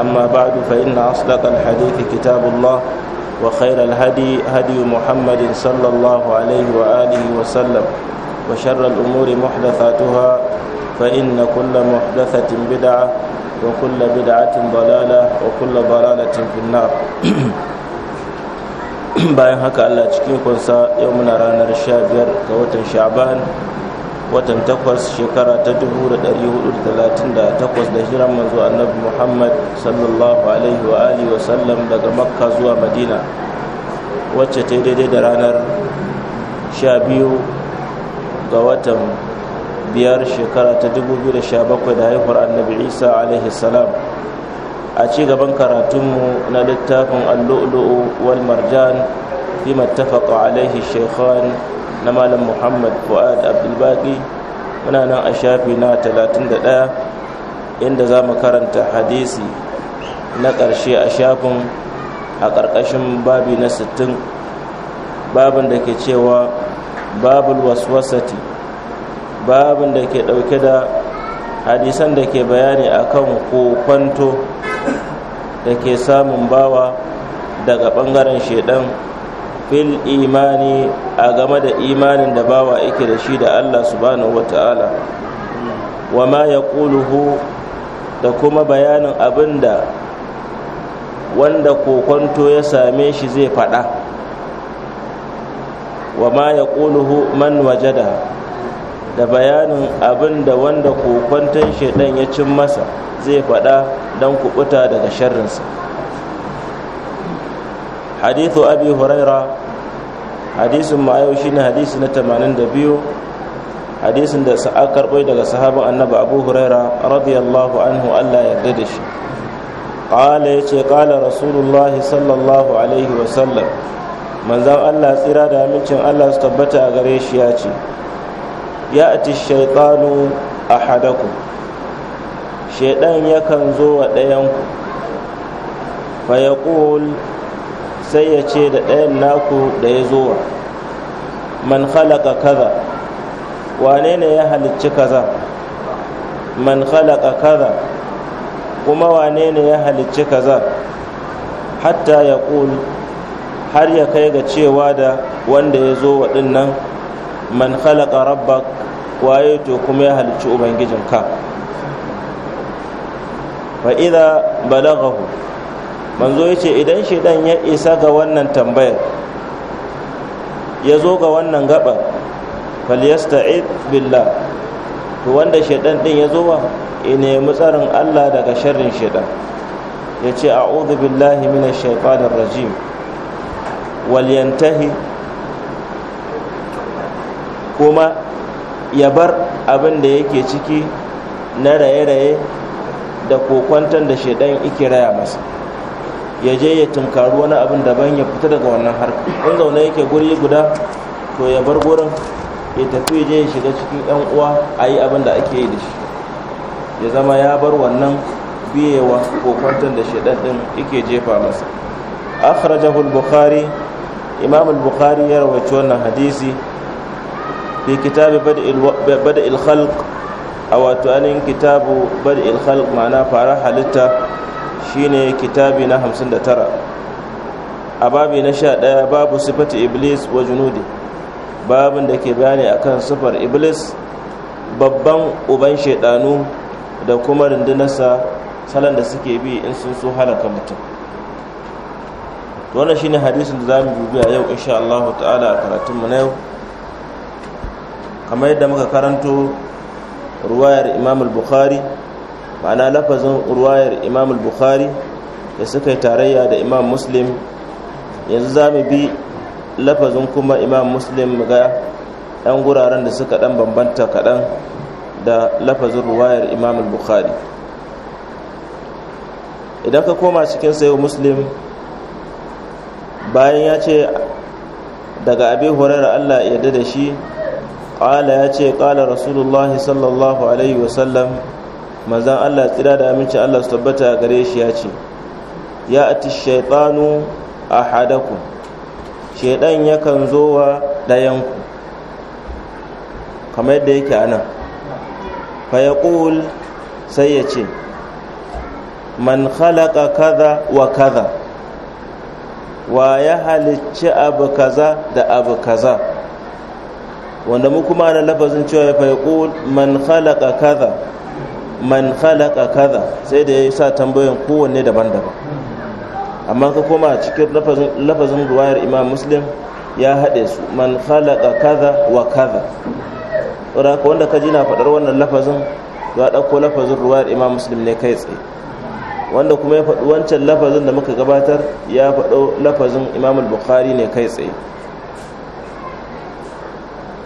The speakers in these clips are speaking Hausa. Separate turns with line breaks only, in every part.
أما بعد فإن أصدق الحديث كتاب الله وخير الهدي هدي محمد صلى الله عليه وآله وسلم وشر الأمور محدثاتها فإن كل محدثة بدعة وكل بدعة ضلالة وكل ضلالة في النار bayan haka Allah cikin kunsa yau muna ranar 15 ga watan Sha'ban watan takwas shekara ta dubu da hudu da da da talatin takwas hiran manzo annabi muhammad sallallahu alaihi wa alihi wasallam daga makka zuwa madina wacce ta daidai da ranar 12 ga watan biyar shekara ta 2017 da haihuwar annabi isa alaihi salam a ci gaban karatunmu na littafin allu'lu'u wal marjan fi mattafaqa alaihi shekhan na malam muhammad fu'ad abdulbaki muna nan a shafi na 31 inda za mu karanta hadisi na ƙarshe a shafin a ƙarƙashin babi na 60 babin da ke cewa babul waswasati babin da ke ɗauke da hadisan da ke bayani akan kokwanto da ke samun bawa daga ɓangaren shaidan fil imani a game da imanin da bawa yake da shi da Allah subhanahu wata'ala wa ma ya da kuma bayanin abinda wanda kokonto ya same shi zai fada? wa ma ya man wajada da bayanin abinda wanda kokonton shedan ya cin masa zai fada don kubuta daga sharrinsa hadithu abi huraira hadisin ma yau shine hadisi na 82 hadisin da sa'a karɓai daga sahabin annabi abu huraira radiyallahu anhu allah yarda da shi ƙala ya ce ƙala rasulullah sallallahu alaihi wasallam manzan allah tsira da amincin allah su tabbata a gare shi ya ce ya ati shaitanu a hadaku shaidan yakan zo wa ɗayanku fa ya sai ya ce da ɗayan naku da ya zo man khalaka kaza wane ne ya halicci kaza man khalaka kaza kuma wane ne ya halicci kaza hatta ya ƙul har ya kai ga cewa da wanda ya zo nan man khalaka rabbak waye to kuma ya halicci ubangijinka fa idza balaghahu manzo ya ce idan dan ya isa ga wannan tambayar ya zo ga wannan gabar falyasta'id billah to wanda dan din ya zo wa ya nemi tsarin Allah daga sharrin shaidan ya ce a'udhu billahi minash shaitanir rajim wal yantahi kuma ya bar abin da yake ciki na raye-raye da kokwanton da shaidan iki raya masa ya je ya tunkari wani abin daban ya fita daga wannan harka in zaune yake guri guda to ya bar gurin ya tafi ya je ya shiga cikin yan uwa a yi abin da ake yi da shi ya zama ya bar wannan biyewa ko kwantar da shaidan yake jefa masa akhrajahu al-bukhari imam al-bukhari ya rawaito wannan hadisi fi kitab bada'il khalq a wato anin kitabu bada'il khalq ma'ana fara halitta shine kitabi na tara, a babi na 11 babu sifati iblis wa junudi babin da ke bayani a kan sifar iblis babban uban shaidanu da kuma rundunarsa salon da suke bi in sun so halaka mutum wannan shine hadisin da za mu dubi a yau insha Allah ta'ala a karatunmu na yau kamar yadda muka karanto ruwayar imam al-bukhari ma'ana lafazin ruwayar imam bukhari da suka yi tarayya da imam muslim yanzu za mu bi lafazin kuma imam muslim ga ɗan guraren da suka ɗan bambanta kaɗan da lafazin ruwayar imam bukhari idan ka koma cikin sayo muslim bayan ya ce daga abin horar allah yarda da shi ƙala ya ce ƙala rasulullahi sallallahu alaihi wasallam manzan Allah tsira da aminci Allah su tabbata gare shi ya ce ya ati shaitanu a hadaku shaidan yakan zo wa ɗayanku kamar yadda yake a nan sai ya ce man khalaka kaza wa kaza wa ya halicci abu kaza da abu kaza wanda mu kuma na lafazin cewa ya fayakul man khalaka kaza man khalaqa kaza sai da ya sa tambayoyin kowanne daban-daban amma ka koma cikin lafazin ruwayar imam muslim ya haɗe su man khalaqa kaza wa kaza ka wanda ka ji na faɗar wannan lafazin a ɗauko lafazin ruwayar imam muslim ne kai tsaye wanda kuma ya faɗi wancan lafazin da muka gabatar ya faɗo lafazin imam bukhari ne kai tsaye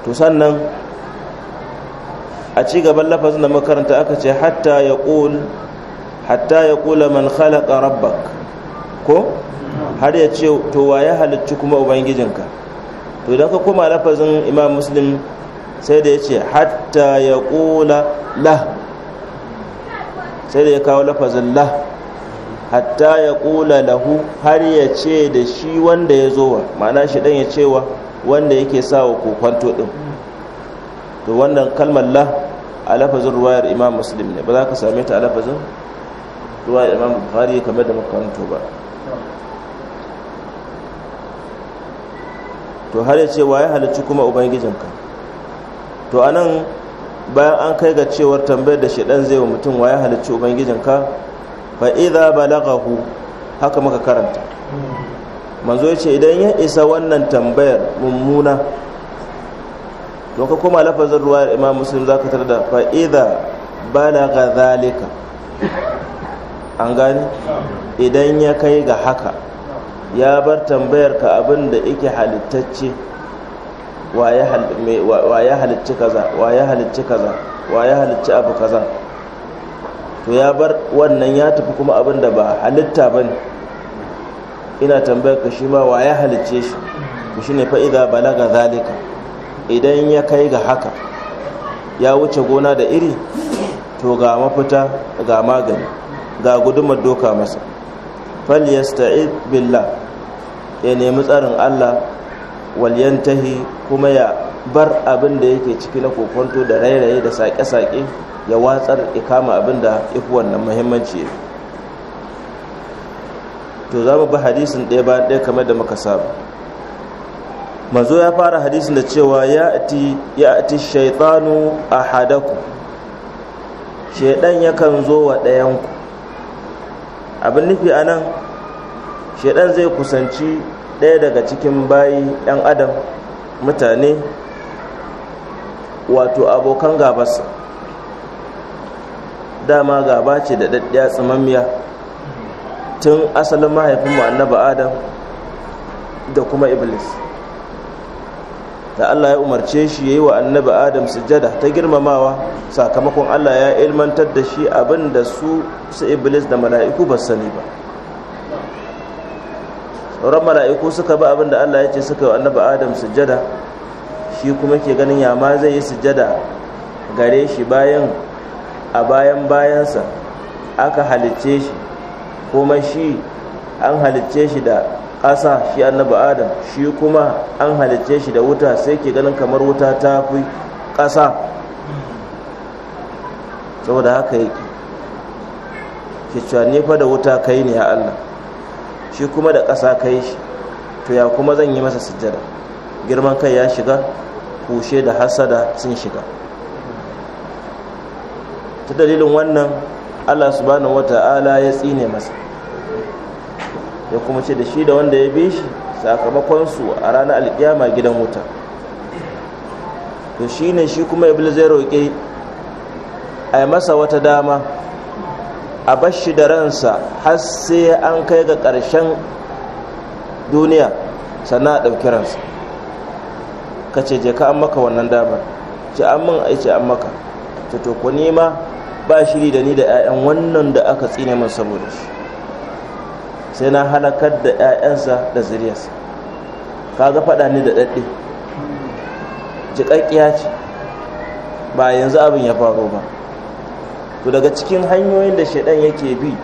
to sannan a ci gaban lafazin da makaranta aka ce hatta ya ƙul hatta ya ƙula man rabbak ko har ya ce to wa ya halicci kuma ubangijinka to idan ka koma lafazin imam muslim sai da ya ce hatta ya ƙula la sai da ya kawo lafazin la hatta ya ƙula lahu har ya ce da shi wanda ya zo wa ma'ana shi dan ya cewa wanda yake sawa wa kokwanto ɗin to wannan kalmar la a lafazin ruwayar imam muslim ne ba za ka same ta a lafazin ruwayar imam bukhari kamar da makaranta ba to har ya ce waye halicci kuma ubangijinka to a nan bayan an kai ga cewar tambayar da shedan zai wa mutum waye halicci ubangijinka fa ba balaghahu haka muka karanta
hmm.
manzo ya ce idan ya isa wannan tambayar mummuna to ka koma lafazin ruwa imam muslim ka tara da ba idza ga zalika an gani? idan ya kai ga haka ya bar tambayar ka abin da ike halittacce wa ya halicci kaza wa ya halicci kaza wa ya halicci abu kaza to ya bar wannan ya tafi kuma abin da ba halitta ba ne ina tambayar ka shi ma wa ya halicce shi to shine ba idza balaga zalika idan ya kai ga haka ya wuce gona da iri to ga mafita ga magani ga gudumar doka masa falyasta'id billah ya nemi tsarin Allah walyantahi kuma ya bar abin da yake ciki na kokonto da rairaye da sake-sake ya watsar ikama abin da ifi wannan muhimmanci to za mu bi hadisin ɗaya bayan ɗaya kamar da muka saba manzo ya fara hadisin da cewa ya ati shaytanu ahadakum shedan yakan zo wa ɗayanku abin nufi anan shaydan zai kusanci ɗaya daga cikin bayi ɗan adam mutane wato abokan gabarsa dama gaba ce da daddiya tsamammiya tun asalin mahaifinmu annaba adam da kuma iblis da Allah ya umarce shi ya yi wa annabi Adam sujada ta girmamawa sakamakon Allah ya ilmantar da shi abinda da su su iblis da mala'iku ba sani ba sauran mala'iku suka ba abin da Allah ya ce suka wa annabi Adam sujada shi kuma ke ganin ya zai yi sujada gare shi bayan a bayan bayansa aka halicce shi kuma shi an halicce shi da asa shi annabi adam shi kuma an halicce shi da wuta sai ke ganin kamar wuta ta fi ƙasa saboda haka yake ke cewa ni da wuta kai ne ya Allah shi kuma da ƙasa kai shi to ya kuma zan yi masa sujjada girman kai ya shiga kushe da hasada sun shiga ta dalilin wannan Allah subhanahu wata'ala ya tsine masa ya kuma ce da shi da wanda ya bi shi sakamakonsu a ranar alkiyama gidan wuta to shi ne shi kuma iblis zai roƙe a yi masa wata dama a bashi da ransa har sai an kai ga ƙarshen duniya sannan a ɗauki ransa ka ce je ka an maka wannan damar ce an min aice an maka ce to ku nima ba shiri da ni da 'ya'yan wannan da aka tsine min saboda shi sai na halakar da 'ya'yansa da zuriyarsa kaga faɗa ni da ɗaɗɗe jiƙaƙƙiya ce ba yanzu abin ya faru ba to daga cikin hanyoyin da shaɗan yake bi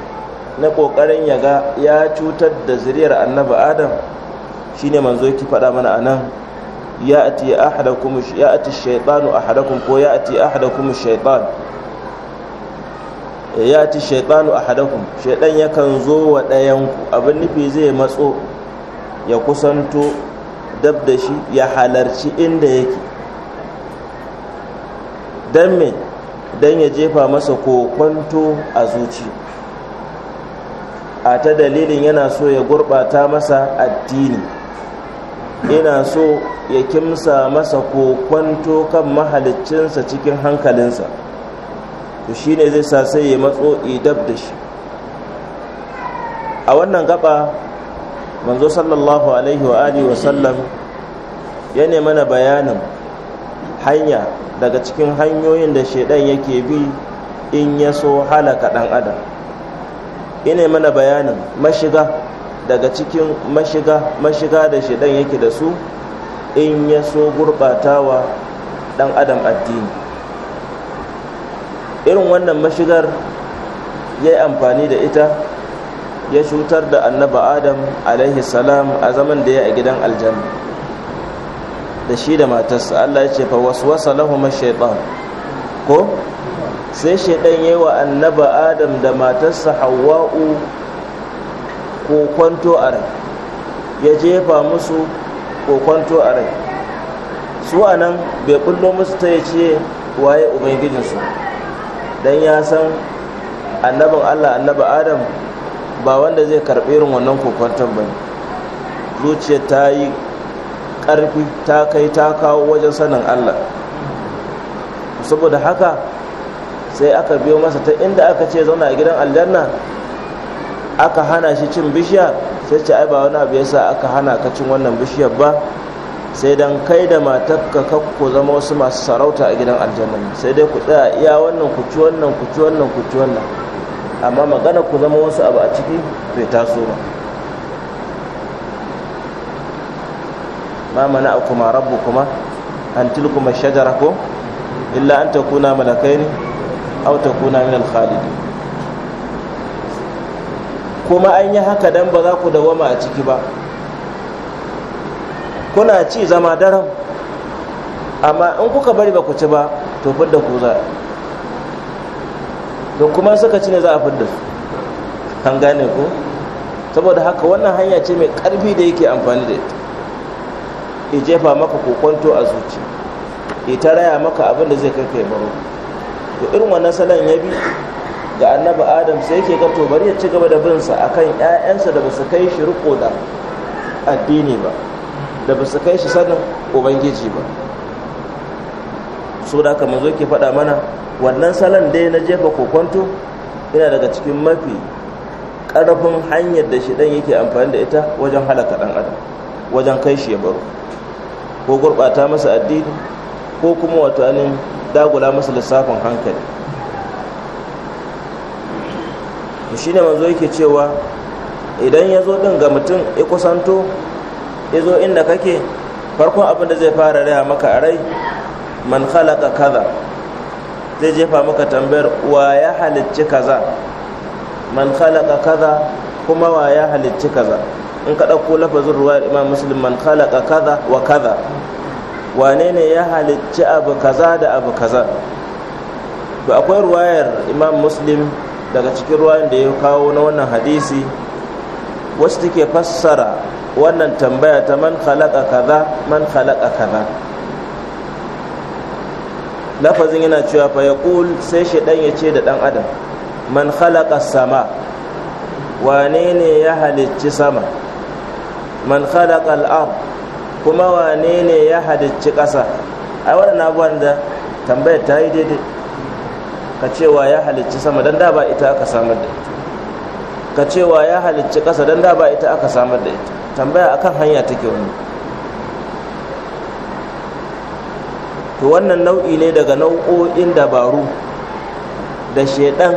na ƙoƙarin ya ga ya cutar da ziriyar annabi adam shine manzo yake faɗa mana a nan ya ati ahadakum ya ati shaytanu ko ya ati ahadakum shaytan ya ci yati a ahadakum shaydan yakan zo wa ɗayanku ku abin nufi zai matso ya kusanto dab da shi ya halarci inda yake dan me don ya jefa masa kokwanto a zuci a ta dalilin yana so ya gurbata masa addini ina so ya kimsa masa kokwanto kan mahaliccinsa cikin hankalinsa to ne zai sa sai ya matso idab da shi a wannan gaba manzo sallallahu alaihi wa alihi wa sallam ya mana bayanin hanya daga cikin hanyoyin da shedan yake bi in ya so halaka dan adam ya mana bayanin mashiga daga cikin mashiga mashiga da shedan yake da su in ya so gurɓatawa ɗan adam addini irin wannan mashigar ya yi amfani da ita ya cutar da annaba adam alaihi salam a zaman da ya a gidan aljanna da shi da matarsa allah ya ce fa waswasa lahuma shaitan ko sai shaitan ya yi wa annaba adam da matarsa hawa'u kwanto a rai ya jefa musu ko kwanto a rai su anan bai kullo musu ta ya ce waye ubangijinsu dan ya san annabin Allah annabi Adam ba wanda zai karɓi irin wannan kokwantar ba zuciya ta yi ƙarfi ta kai ta kawo wajen sanin Allah saboda haka sai aka biyo masa ta inda aka ce zauna a gidan aljanna aka hana shi cin bishiya sai ce ai ba wani abu yasa aka hana ka cin wannan bishiyar ba sai dan kai da matakka ka ku zama wasu masu sarauta a gidan aljanna sai dai ku tsaya iya wannan ku ci wannan ku ci wannan ku ci wannan amma magana ku zama wasu abu a ciki bai taso ba ma mana kuma rabu kuma an tilkuma shajara ko illa an ta kuna malakai ne ta kuna min al kuma an yi haka dan ba za ku dawama a ciki ba kuna ci zama daren amma in kuka bari ba ku ci ba to fidda ku za to kuma suka ci ne za a fidda su an gane ku saboda haka wannan hanya ce mai karfi da yake amfani da ita ya jefa maka kokonto a zuci ya ta raya maka abin da zai kai kai baro to irin wannan salon ya bi ga annabi adam sai yake gato bari ya ci gaba da binsa akan 'ya'yansa da ba su kai shi riko da addini ba da ba su kai shi sanin ubangiji ba so da kamar zo ke faɗa mana wannan salon ya na jefa kokonto yana daga cikin mafi ƙarfin hanyar da shi ɗan yake amfani da ita wajen halaka ɗan adam wajen kai shi ya baro ko gurɓata masa addini ko kuma wato anin dagula masa lissafin hankali shi ne manzo yake cewa idan ya zo ɗin ga mutum ya kusanto ya zo inda kake farkon abin da zai fara raya maka a rai man khalaqa kaza zai jefa maka tambayar wa ya halicci kaza man khalaqa kaza kuma wa ya halicci kaza in ka ɗauko lafazin ruwa imam muslim man khalaqa kaza wa kaza wane ne ya halicci abu kaza da abu kaza to akwai ruwayar imam muslim daga cikin ruwayan da ya kawo na wannan hadisi wasu take fassara wannan tambaya ta man khalaqa kaza man khalaqa kaza lafazin yana cewa fa yaqul sai dan ya ce da dan adam man khalaqa sama wane ne ya halicci sama man khalaqa al-ard kuma wane ne ya halicci ƙasa ai wannan abuwan da tambayar ta yi daidai ka cewa ya halicci sama dan da ba ita aka samar da ita ka cewa ya halicci kasa don da ba ita aka samar da ita tambaya akan hanya take wani to wannan nau'i ne daga nau'o'in dabaru da shaidan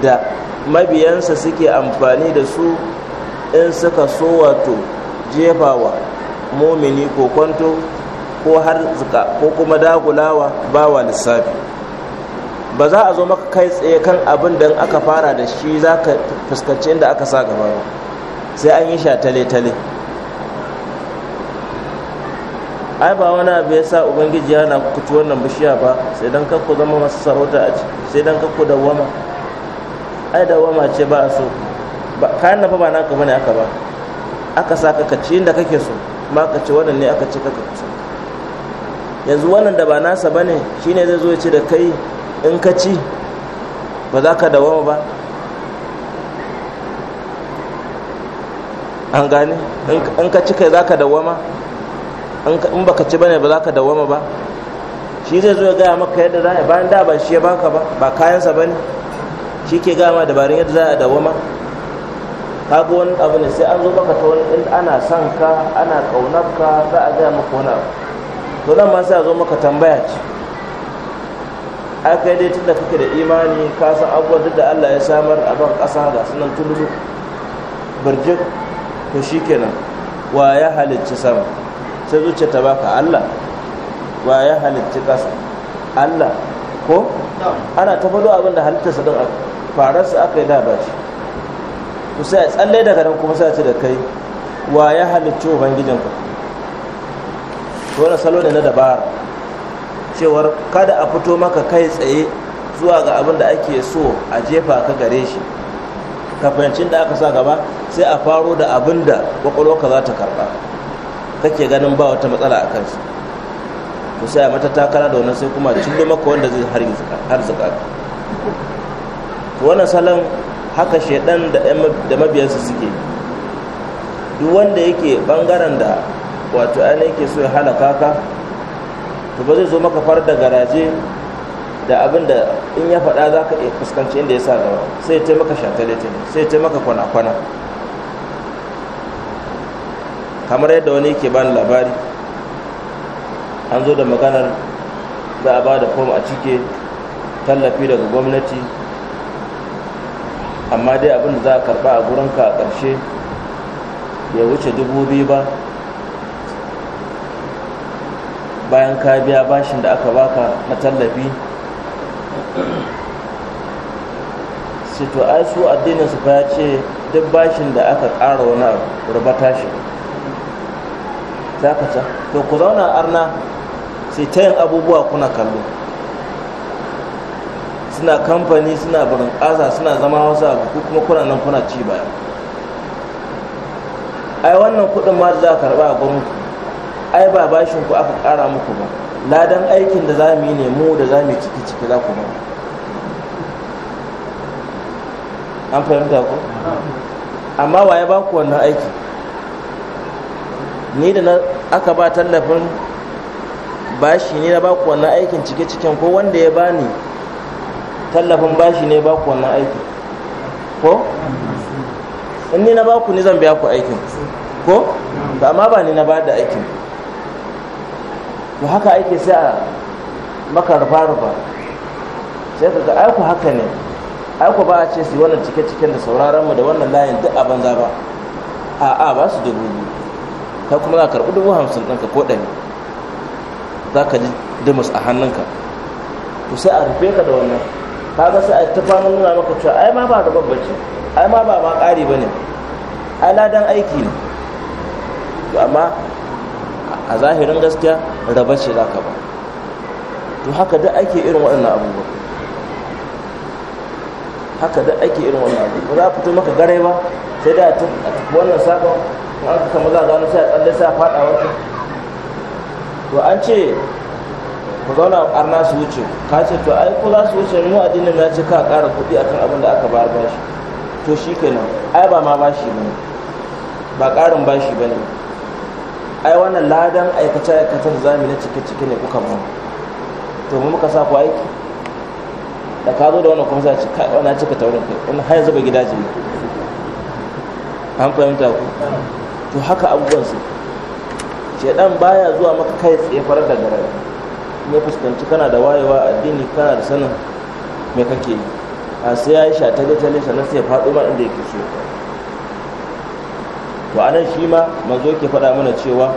da mabiyansa suke amfani da su in suka so wato jefawa mumini ko kwanto ko har zuka ko kuma dagulawa bawa lissafi ba za a zo maka kai tsaye kan abin da aka fara da shi za ka fuskanci inda aka sa gaba ba sai an yi sha tale-tale ai ba wani abu ya sa ubangiji yana kuci wannan bishiya ba sai don kakku zama masu sarauta a ciki sai don kakku wama ai wama ce ba a so kayan nafa fa ba naka bane aka ba aka sa ka ci inda kake so ma ka ci wannan ne aka ci kaka so yanzu wannan da ba nasa bane shine zai zo ya ci da kai in ka ci ba za ka wama ba an gane in ka ci kai za ka dawama in baka ci bane ba za ka dawama ba shi zai zo ya gaya maka yadda za a bayan da ba shi ya baka ba ba kayansa ba ne shi ke gaya ma dabarun yadda za a dawama kaga wani abu ne sai an zo baka ta wani inda ana son ka ana ƙaunar ka za a gaya maka wani abu to nan ma sai a zo maka tambaya ce ai kai dai tunda kake da imani ka san abubuwan duk da Allah ya samar a ban ƙasa ga sunan tulu birjik shi kenan wa ya halicci sama sai zuciya ta baka Allah wa ya halicci ƙasa Allah ko ana ta faɗo abin da halittarsa don a fararsa aka yi daba shi Ku sai a tsalle daga nan kuma sai a ce da kai wa ya halicci ubangijinka wani salo ne na dabara cewar kada a fito maka kai tsaye zuwa ga abin da ake so a jefa ka gare shi kafancin da aka sa gaba sai a faro da abin da kwakwalwarka za ta karba kake ganin ba wata matsala a kansu ku sai a mata takara da wannan sai kuma cillo maka wanda zai har zika wannan salon haka shaidan da mabiyansu suke duk wanda yake bangaren da wato ainihin yake so ya halaka ka to ba zai zo maka far da garaje da abin da in ya faɗa za ka fuskanci inda ya sa gaba sai ya taimaka shatale sai ya taimaka kwana-kwana kamar yadda wani ke bani labari an zo da maganar za a ba da fom a cike tallafi daga gwamnati amma dai abinda za a karba a gurinka a ƙarshe ya wuce dubu biyu ba bayan ka biya bashin da aka baka na tallafi sai to addinin su fa ce duk bashin da aka ƙara wani abu rubata shi dakata to ku zauna arna sai ta yin abubuwa kuna kallo suna kamfani suna barin ƙasa suna zama a ku kuma kuna nan kuna ci baya ai wannan kuɗin ma za a karɓa a gwamnati ai ba bashin ku aka ƙara muku ba ladan aikin da za mu yi ne mu da za mu yi ciki ciki za ku ba an fahimta ku amma wa ya ba ku wannan aiki. ni da aka ba tallafin bashi ne na baku wannan aikin cike cikin ko wanda ya bani tallafin bashi ne baku wannan aikin ko in ni na baku ni zan biya ku aikin ko ba amma ba ni na ba da aikin to haka aiki sai a maka rufa-rufa sai ka ga aiku haka ne aiku ba a ce su yi wannan cike-ciken da sauraronmu da wannan layin duk a banza ba a'a ba su dubu biyu ka kuma za ka karɓi dubu hamsin ɗanka ko ɗari za ka ji dimus a hannunka to sai a rufe ka da wannan ka ga sai a ta fama nuna maka cewa ai ma ba da babbace ai ma ba ma ƙari ba ne ai ladan aiki ne to amma a zahirin gaskiya raba ce za ka ba to haka da ake irin waɗannan abubuwa haka da ake irin wannan abu ba za a fito maka gare ba sai da a wannan sakon haka kamar za a zaune sai a tsalle sai a faɗa wata to an ce ku zauna a ƙarna su wuce ka ce to ai ko za su wuce mu addinin ya ce ka ƙara kuɗi akan abin da aka bayar bashi to shi kenan ai ba ma bashi ba ne ba ƙarin bashi ba ne ai wannan ladan aikace-aikacen zami na cike-cike ne kuka mu to mu muka sa ku aiki da ka zo da wannan kuma sai kai wannan cika taurin kai wannan har yanzu ba gidaje ne an fahimta ku to haka abubuwan su shaidan baya zuwa maka kai tsaye farar da garar ne fuskanci kana da wayewa addini kana da sanin me kake yi a sai ya yi shatale tale sannan sai ya faɗo ma inda yake so to anan shi ma manzo ke faɗa mana cewa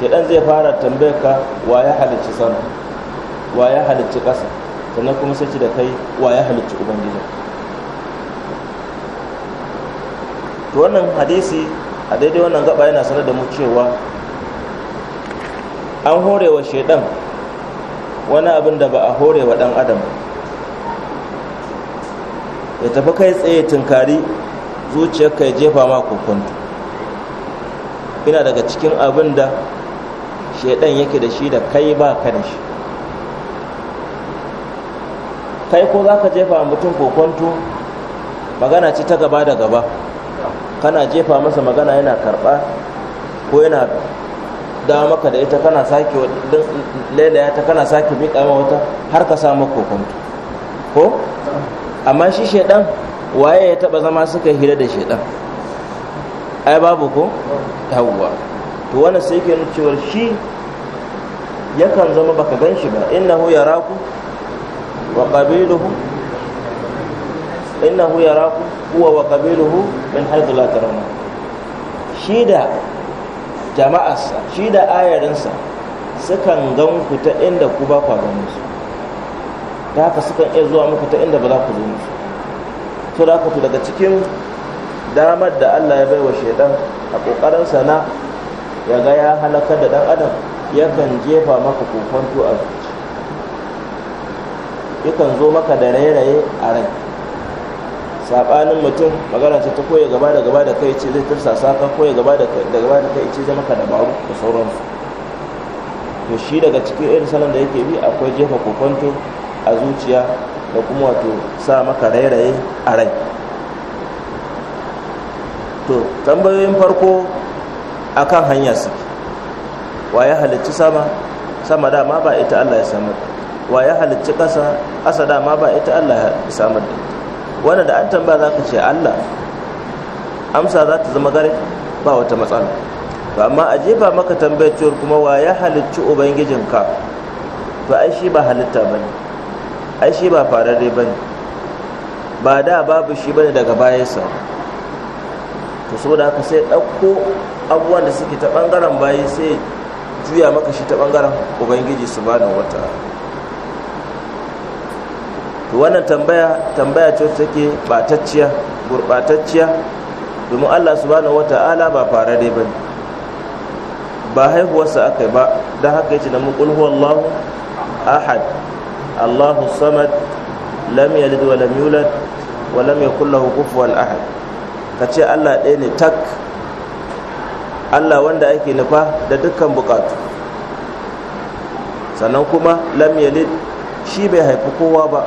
shaidan zai fara tambayar ka wa ya halicci sama wa ya halicci ƙasa sannan kuma sai ci da kai wa ya halicci ubangiji to wannan hadisi a daidai wannan gaba yana sanar da mu cewa an horewa shaidan wani abin da ba a horewa dan adam ya tafi kai tsaye tunkari zuciyar ya jefa ma kokonto ina daga cikin abin da shaidan yake da shi da kai ba ka da shi kai ko za ka jefa mutum kokonto magana ce ta gaba da gaba kana jefa masa magana yana karba ko yana dawo maka da ita kana sake lailaya ta kana sake miƙa ma wata har ka samu kokonto ko amma shi shaidan waye ya taɓa zama suka hira da shaidan ai babu ko yawwa to wannan sai ke cewar shi yakan zama baka gan shi ba innahu yaraku wa qabiluhu innahu yarakum huwa wa qabiluhu min haythu la tarawna shi da jama'arsa shi da ayarinsa sukan gan ku ta inda ku ba ku ganin su da haka sukan iya zuwa muku ta inda ba za ku zo musu su da ku daga cikin damar da Allah ya bai wa shaidan a kokarin sana ya ga ya halakar da dan adam ya kan jefa maka kokonto a zuci kan zo maka da rairaye a rai sabanin mutum magana ta ta koya gaba da gaba da kai ce zai tursa ka koya gaba da gaba da kai ce zai maka dabaru da sauransu to shi daga cikin irin salon da yake bi akwai jefa kokonto a zuciya da kuma wato sa maka rairaye a rai to tambayoyin farko akan hanya su wa ya halicci sama sama dama ba ita Allah ya samar wa ya halicci kasa asa dama ba ita Allah ya samar da ita wanda da an tambaya za ka ce allah amsa za ta zama gare ba wata matsala to amma a jefa maka tambayar cewar kuma wa ya halicci ubangijinka to ai shi ba halitta ba ne ai shi ba fararre ba ne ba da babu shi ba ne daga bayansa to da haka sai ɗauko abubuwan da suke ta ɓangaren bayi sai juya maka shi ta ɓangaren ubangiji su ba da wata to wannan tambaya tambaya ce take batacciya gurbatacciya domin Allah subhanahu wata'ala ba fara dai bane ba haihuwarsa aka yi ba don haka yace namu qul huwallahu ahad Allahu samad lam yalid wa lam yulad wa lam yakul lahu kufuwan ahad kace Allah ɗaya ne tak Allah wanda ake nufa da dukkan bukatu sannan kuma lam yalid shi bai haifi kowa ba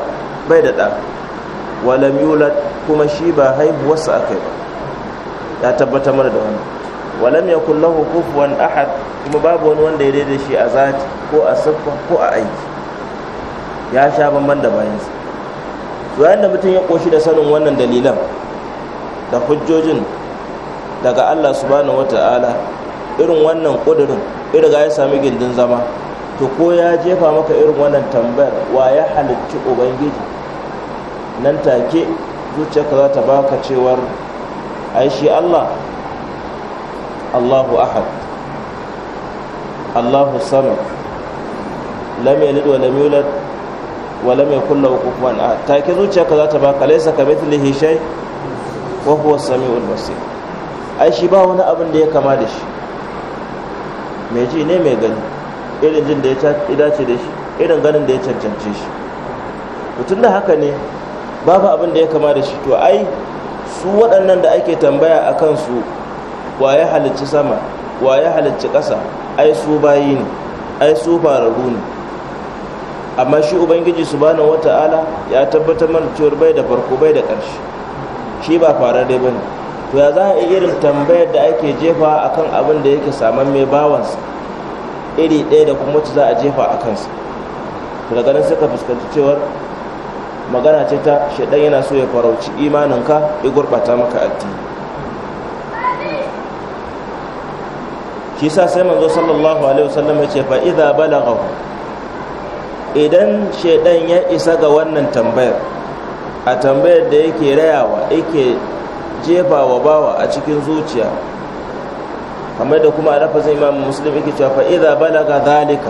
bai da ɗa walam yulad kuma shi ba haihuwarsa aka yi ba ya tabbata mana da wani walam ya kullahu hukufuwan ahad kuma babu wani wanda ya daidai shi a zati ko a siffa ko a aiki ya sha bamban da bayansa yayin da mutum ya koshi da sanin wannan dalilan da hujjojin daga Allah subhanahu wata'ala irin wannan kudirin irin ya sami gindin zama to ko ya jefa maka irin wannan tambayar wa ya halicci ubangiji nan take zuciyarka za ta baka cewar ai shi Allah Allahu ahad Allahu samad lam yalid wa lam yulad wa lam yakul lahu kufuwan ahad take zuciyarka za ta baka laysa mithlihi shay wa huwa samiul basir ai shi ba wani abin da ya kama da shi mai ji ne mai gani irin jin da ya dace da shi irin ganin da ya cancance shi mutum da haka ne babu abin da ya kama da shi to ai su waɗannan da ake tambaya a kansu wa ya halicci sama wa ya halicci ƙasa ai su bayi ne ai su fararu ne amma shi ubangiji su bane wata'ala ya tabbatar mana cewar bai da farko bai da ƙarshe shi ba fararre bane to ya za a irin tambayar da ake jefa a kan abin da yake saman mai bawansa iri ɗaya da kuma wacce za a jefa a kansa to daga nan suka fuskanci cewar magana ce ta shaɗan yana so ya farauci imaninka ya gurɓata maka addini shi sa sai manzo sallallahu alaihi wasallam ya ce fa idza balagha idan shaidan ya isa ga wannan tambayar a tambayar da yake rayawa yake jefa wa bawa a cikin zuciya kamar da kuma a lafazin imam muslim yake cewa fa idza balaga zalika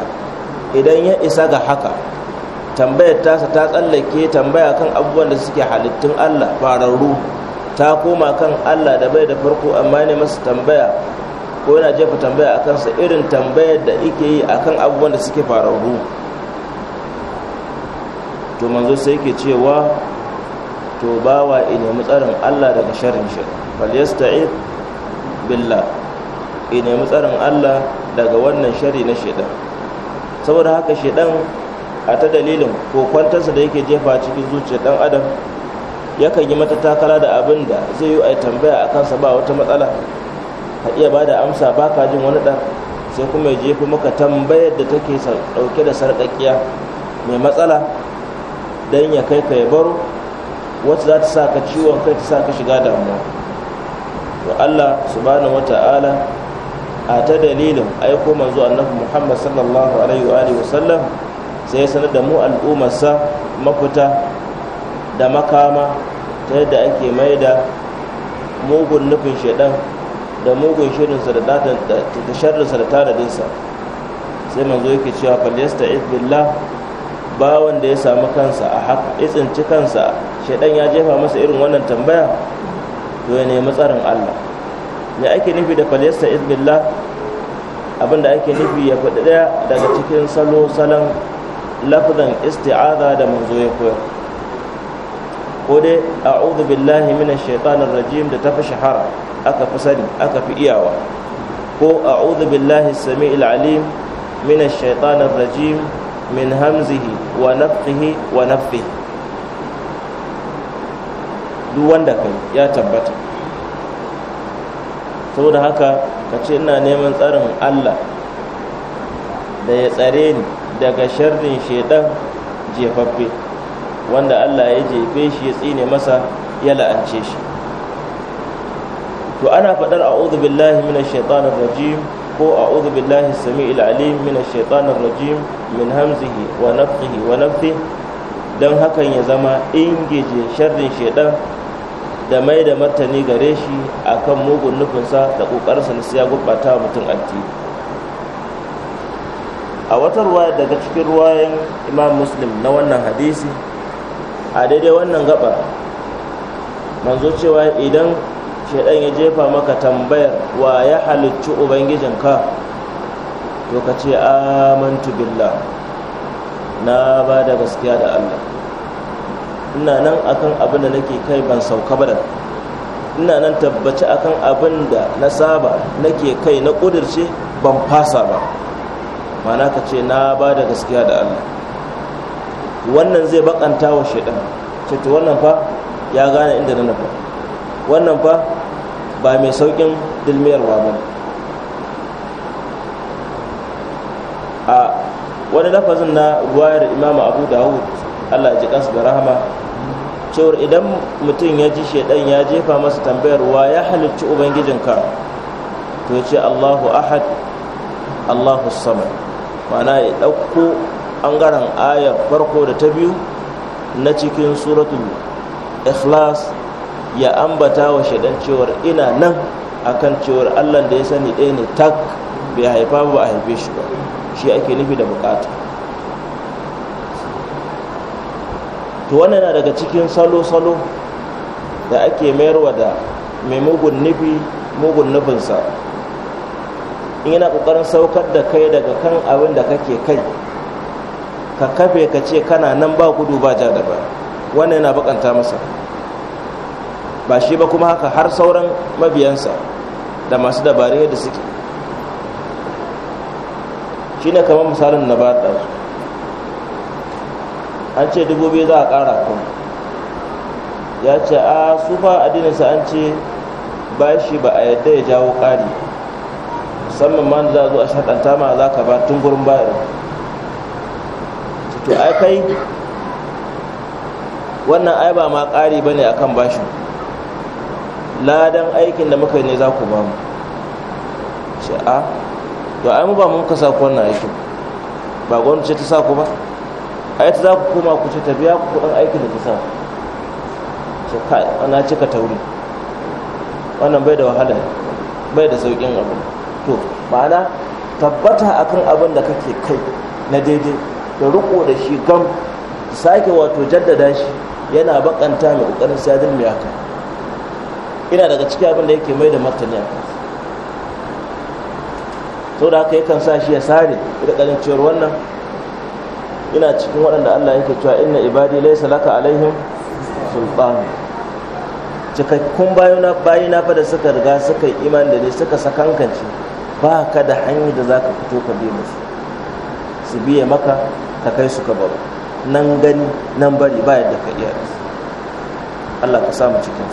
idan ya isa ga haka tambayar tasa ta tsallake tambaya kan abubuwan da suke halittun Allah fararru ta koma kan Allah da bai da farko amma ne masa tambaya ko yana jefa tambaya a kansa irin tambayar da ike yi a kan abubuwan da suke fararru to manzo sai yake cewa to bawa in nemi tsarin Allah daga sharrin shi fal yasta'id billah in nemi tsarin Allah daga wannan shari na shedan saboda haka shedan a ta dalilin kokwantarsa da yake jefa cikin zuciyar dan adam yakan yi mata takara da abin da zai yi a tambaya a kansa ba wata matsala ka iya ba da amsa ba ka jin wani ɗan sai kuma ya jefa maka tambayar da take ɗauke da sarƙaƙiya mai matsala dan ya kai ka ya baro wacce za ta sa ka ciwon kai ta sa ka shiga damuwa to Allah subhanahu wata'ala a ta dalilin aiko manzo annabi Muhammad sallallahu alaihi wa sai ya sanar da mu al'ummarsa mafita da makama ta yadda ake mai da mugun nufin shaidan da mugun shirinsa da da da sai manzo yake cewa falista billah bawan da ya samu kansa a haka ya kansa shaidan ya jefa masa irin wannan tambaya to ya nemi tsarin Allah me ake nufi da falista billah abinda ake nufi ya faɗi ɗaya daga cikin salo salon lafzan isti'aza da manzo ya koyar ko dai a'udhu billahi minash shaitanir rajim da tafi shahara aka fi sani aka fi iyawa ko a'udhu billahi samiil alim minash shaitanir rajim min hamzihi wa nafthihi wa nafthihi duk wanda kai ya tabbata saboda haka ka ce ina neman tsarin Allah da ya tsare ni daga sharrin shaidan jefaffe wanda Allah ya jefe shi ya tsine masa ya la'ance shi to ana faɗar a'udhu billahi minash shaitanir rajim ko a'udhu billahi samiil alim minash shaitanir rajim min hamzihi wa nafthihi wa nafthi dan hakan ya zama ingeje sharrin shaidan da mai da martani gare shi akan mugun nufinsa da kokarinsa na siya gurbata mutum addini a wata ruwa daga cikin ruwayan imam muslim na wannan hadisi a daidai wannan gaba manzo cewa idan shaidan ya jefa maka tambayar wa ya halicci ubangijinka to ka ce Amintu billah na ba da gaskiya da allah ina nan akan abin da nake kai ban sauka ba da ina nan tabbaci akan abin da na saba nake kai na ƙudirce ban fasa ba mana ka ce na ba da gaskiya da Allah wannan zai bakanta wa shaidan ce to wannan fa ya gane inda na nufa wannan fa ba mai saukin dilmiyarwa ba a wani lafazin na ruwayar imama abu dawud allah ji kansu da rahama cewar idan mutum ya ji shaidan ya jefa masa tambayar wa ya halicci ubangijinka to ya ce allahu ahad allahu samad mana ya ɗauko ɓangaren ayar farko da ta biyu na cikin suratul ikhlas ya ambata wa shaidan cewar ina nan akan cewar allah da ya sani ɗaya ne tak bai haifa ba a haife shi ba shi ake nufi da bukata to wannan na daga cikin salo-salo da ake mayarwa da mai mugun nufi mugun nufinsa in yana kokarin saukar da kai daga kan abin da kake kai ka kafe ka ce kana nan ba gudu ba ja da ba wannan yana bakanta masa ba shi ba kuma haka har sauran mabiyansa da masu dabarun yadda suke shi ne kamar misalin na ba da an ce dubu biyu za a ƙara kuma ya ce a su fa an ce ba shi ba a yadda ya jawo ƙari musamman ma za zo a shaɗanta ma za ka ba tun gurin bayar to ai kai wannan ai ba ma ƙari ba ne a kan bashi ladan aikin da muka yi ne za ku ba mu a to ai mu ba mun ka ku wannan aikin ba gwamnati ta sa ku ba ai ta za ku koma ku ce ta biya ku kuɗin aikin da ta sa ce kai ana cika tauri wannan bai da wahala bai da sauƙin abu to ma'ana tabbata akan abin da kake kai na daidai da riko da shi gam sake wato jaddada shi yana bakanta mai kokarin sadin mai haka ina daga cikin abin da yake mai da martani akan to da haka yakan sa shi ya sare da kalin ciyar wannan ina cikin waɗanda Allah yake cewa inna ibadi laysa laka alaihim sultan cikakkun bayina bayina fa da suka riga suka yi imani da ni suka sakankance ba ka da hanyar da za ka fito ka bi musu su biya maka ka kai su ka baro nan gani nan bari ba yadda ka iya su Allah ka samu cikin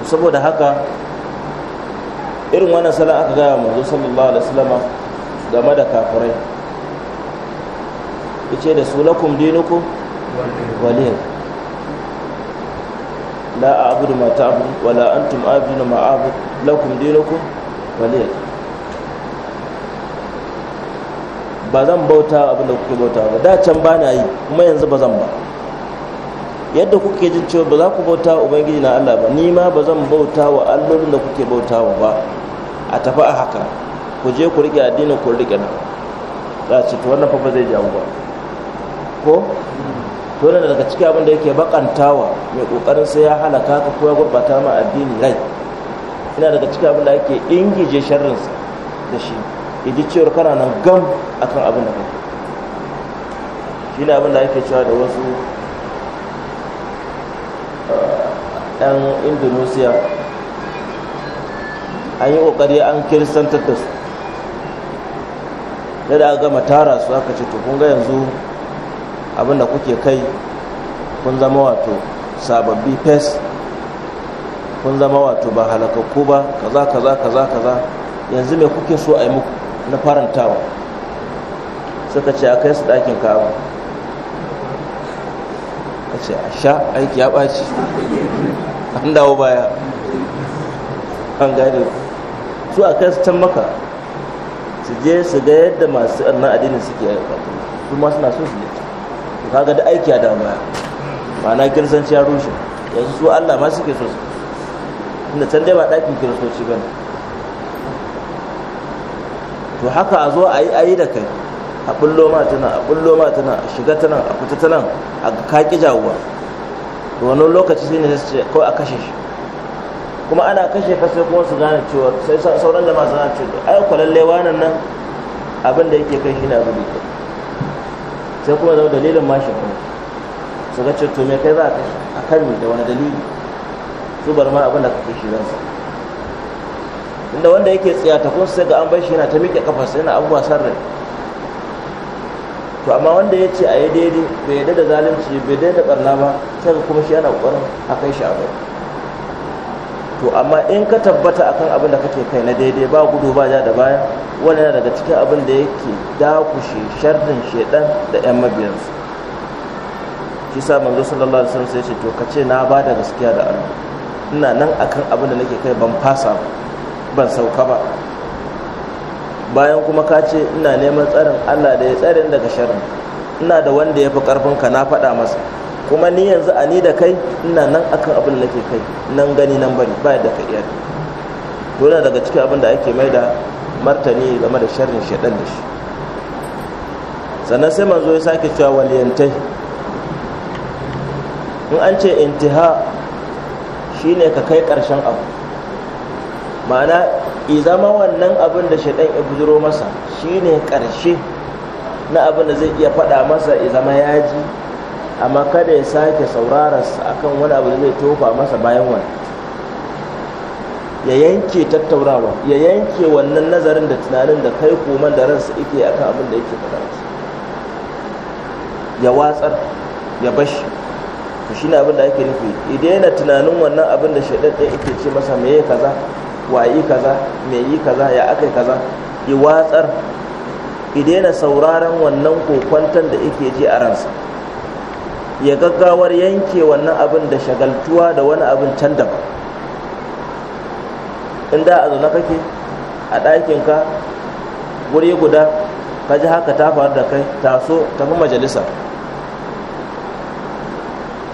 su saboda haka irin wannan sala aka gaya manzo sallallahu alaihi wasallama game da kafirai yace da sulakum dinukum waliyya la a'budu ma ta'budun wa la antum a'buduna ma a'bud lakum dinukum waliya ba zan bauta abin da kuke bauta ba da can ba na yi kuma yanzu ba zan ba yadda kuke jin cewa ba za ku bauta wa ubangiji na Allah ba ni ma ba zan bauta wa allolin da kuke bauta wa ba a tafi a haka ku je ku rike addinin ku rike na za su wannan fa ba zai jawo ba ko to ne daga cikin abin da yake bakantawa mai kokarin sai ya halaka ka ko ya gurbata ma addini rai ina daga cikin abin da yake ingije sharrin sa da shi idan cewar kana nan gam akan abin da kake ne abin da yake cewa da wasu eh, yan Indonesia an yi kokari an kiristantar da su da aka gama tara su aka ce to kun ga yanzu abin da kuke kai kun zama wato sababbi fes kun zama wato ba halakakku ba kaza kaza kaza kaza yanzu me kuke so a yi muku na farantawa suka ce a kai su ɗakin kawo ka ce a sha aiki ya ɓaci an dawo baya an gane su a kai su can maka su je su ga yadda masu annan addinin suke aikata su kuma suna so su yi. kaga da aiki a damuwa na kiristanci ya rushe yanzu su allah ma suke so inda can dai ba ɗakin kiristoci ba ne to haka a zo a yi ayi da kai a bullo ma tana a bullo ma tana a shiga tana a fita tana a kaki jawuwa to wani lokaci sai ne su ce kawai a kashe shi kuma ana kashe ka sai kuma su gane cewa sai sauran da masu gane cewa ai kwalallewa wannan nan abin da yake kai shi ne abin da sai kuma zama dalilin mashi kuma su ga to me kai za a kashe a kan da wani dalili su bar ma abin da kake shi ransa inda wanda yake kun sai ga an bar shi yana ta miƙe kafarsa yana abubuwa sarrai to amma wanda ya ce a yi daidai bai yadda da zalunci bai daidai da ba sai kuma shi yana ƙwarin a kai shi a bai to amma in ka tabbata akan abin da kake kai na daidai ba gudu ba ja da baya wani yana daga cikin abin da yake dakushe sharrin shedan da yan mabiyansu shi sa manzo sallallahu alaihi wasallam sai ce to ka ce na ba da gaskiya da Allah ina nan akan abin da nake kai ban fasa ban sauka ba bayan kuma ka ce ina neman tsarin Allah da ya tsare daga sharrin ina da wanda ya fi karfin ka na faɗa masa kuma ni yanzu a ni da kai ina nan akan abin da nake kai nan gani nan bari ba da ka iya dole daga cikin abin da ake mai da martani game da sharrin shaɗan da shi sannan sai manzo ya sake cewa waliyantai in an ce intiha shine ka kai ƙarshen abu ma'ana i zama wannan abin da shaɗan ya bujiro masa shine ƙarshe na abin da zai iya faɗa masa i zama yaji amma kada ya sake saurararsa akan wani abu da zai tofa masa bayan wani ya yanke tattaunawa ya yanke wannan nazarin da tunanin da kai koman da ransa ike akan abin da yake faɗa ya watsar ya bashi to shine abin da ake nufi idan yana tunanin wannan abin da shaɗaɗɗe ike ce masa me yi kaza wa yi kaza me yi kaza ya aka kaza ya watsar idan yana sauraron wannan kokwanton da ike ji a ransa ya gaggawar yanke wannan abin da shagaltuwa da wani abin can daba. in da a zaune kake a ɗakinka wuri guda ka ji haka ta faru da kai taso tafi majalisa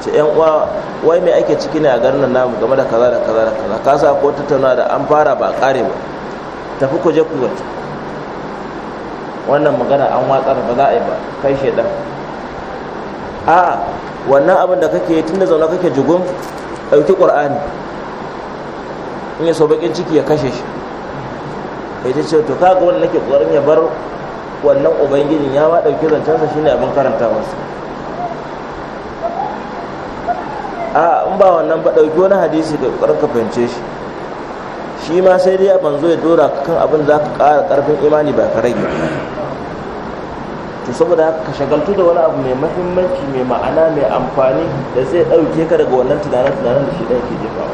ce yan uwa wai mai ake ciki ne a garin nan namu game da kaza da kaza da kaza ka sa ko tattauna da an fara ba kare ba tafi ku je ku wannan magana an watsar ba za a yi ba kai shaidan a'a wannan abin da kake tun da zaune kake jugun ɗauki ƙur'ani in yi so ciki ya kashe shi ya ce ce to kaga wanda nake ƙwarin ya bar wannan ubangijin ya ma ɗauki zancensa shine abin karanta wasu a in ba wannan ba ɗauki wani hadisi da ƙwarin ka fahimce shi shi ma sai dai a zo ya dora kan abin za ka ƙara ƙarfin imani ba ka rage to saboda haka ka shagaltu da wani abu mai mahimmanci mai ma'ana mai amfani da zai dauke ka daga wannan tunanin tunanin da shi ɗaya ke jefa